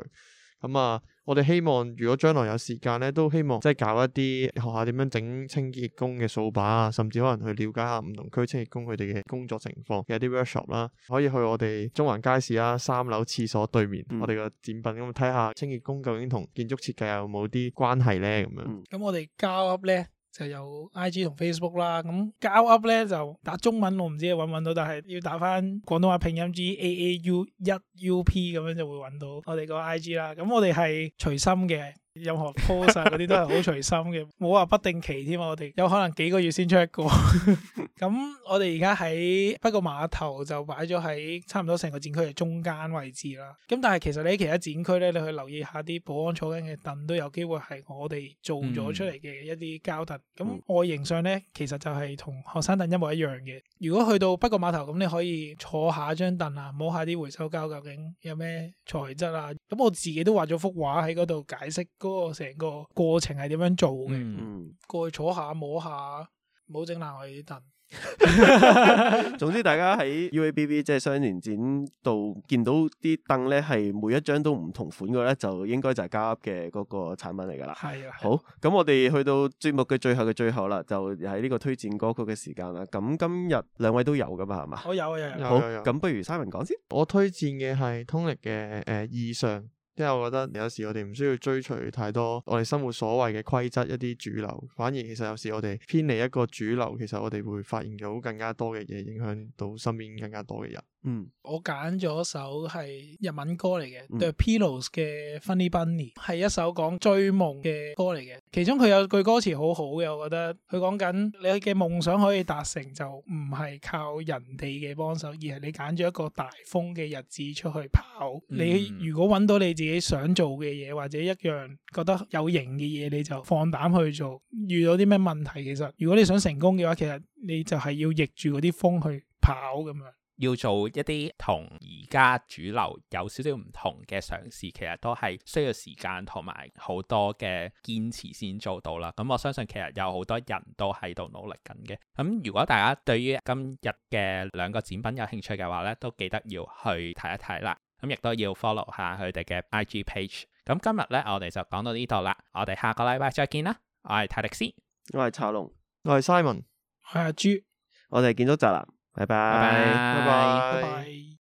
咁啊、嗯，我哋希望如果將來有時間咧，都希望即係搞一啲學校點樣整清潔工嘅掃把啊，甚至可能去了解下唔同區清潔工佢哋嘅工作情況，有啲 workshop 啦，可以去我哋中環街市啊三樓廁所對面、嗯、我哋嘅展品咁睇下清潔工究竟同建築設計有冇啲關係咧，咁樣。咁、嗯、我哋交合咧。就有 I G 同 Facebook 啦，咁、嗯、Gaau1 Up 咧就打中文，我唔知你揾唔揾到，但係要打返廣東話拼音 G A A U 一 U P 咁樣就會揾到我哋個 I G 啦。咁、嗯、我哋係隨心嘅。任何 post 嗰啲都係好隨心嘅，冇話 不定期添。我哋有可能幾個月先出一個。咁 我哋而家喺北角碼頭就擺咗喺差唔多成個展區嘅中間位置啦。咁但係其實你喺其他展區咧，你去留意下啲保安坐緊嘅凳都有機會係我哋做咗出嚟嘅一啲膠凳。咁、嗯、外形上咧，其實就係同學生凳一模一樣嘅。如果去到北角碼頭，咁你可以坐下張凳啊，摸下啲回收膠究竟有咩材質啊。咁我自己都畫咗幅畫喺嗰度解釋。嗰個成個過程係點樣做嘅？嗯，嗯，過去坐下摸下，冇整爛我啲凳。 總之，大家喺 UABB 即係雙年展度見到啲凳咧，係每一張都唔同款嘅咧，就應該就係 Gaau1 Up 嘅嗰個產品嚟噶啦係是啊，好，咁我哋去到節目嘅最後嘅最後啦，就喺呢個推薦歌曲嘅時間啦。咁今日兩位都有噶嘛？係嘛？我有，啊，有，啊好有啊，有，啊，有。咁不如 Simon 講先，我推薦嘅係 ToNick 嘅誒異相。呃因為我覺得有時我哋唔需要追隨太多我哋生活所謂嘅規則，一啲主流，反而其實有時我哋偏離一個主流，其實我哋會發現到更加多嘅嘢影響到身邊更加多嘅人。嗯，我揀咗首係日文歌嚟嘅，嗯、the pillows 嘅 Funny Bunny 係一首講追夢嘅歌嚟嘅。其中佢有句歌詞好好嘅，我覺得佢講緊你嘅夢想可以達成就唔係靠人哋嘅幫手，而係你揀咗一個大風嘅日子出去跑。嗯、你如果揾到你自己想做嘅嘢，或者一樣覺得有型嘅嘢，你就放膽去做。遇到啲咩問題，其實如果你想成功嘅話，其實你就係要逆住嗰啲風去跑咁樣。要做一啲同而家主流有少少唔同嘅嘗試，其實都係需要時間同埋好多嘅堅持先做到啦。咁我相信其實有好多人都喺度努力緊嘅。咁如果大家對於今日嘅兩個展品有興趣嘅話呢，都記得要去睇一睇啦。咁亦都要 follow 下佢哋嘅 IG page。咁今日呢，我哋就講到呢度啦。我哋下個禮拜再見啦。我係泰迪斯，我係查龍，我係 Simon，我係阿豬，我哋係建築宅男。拜拜拜拜拜拜。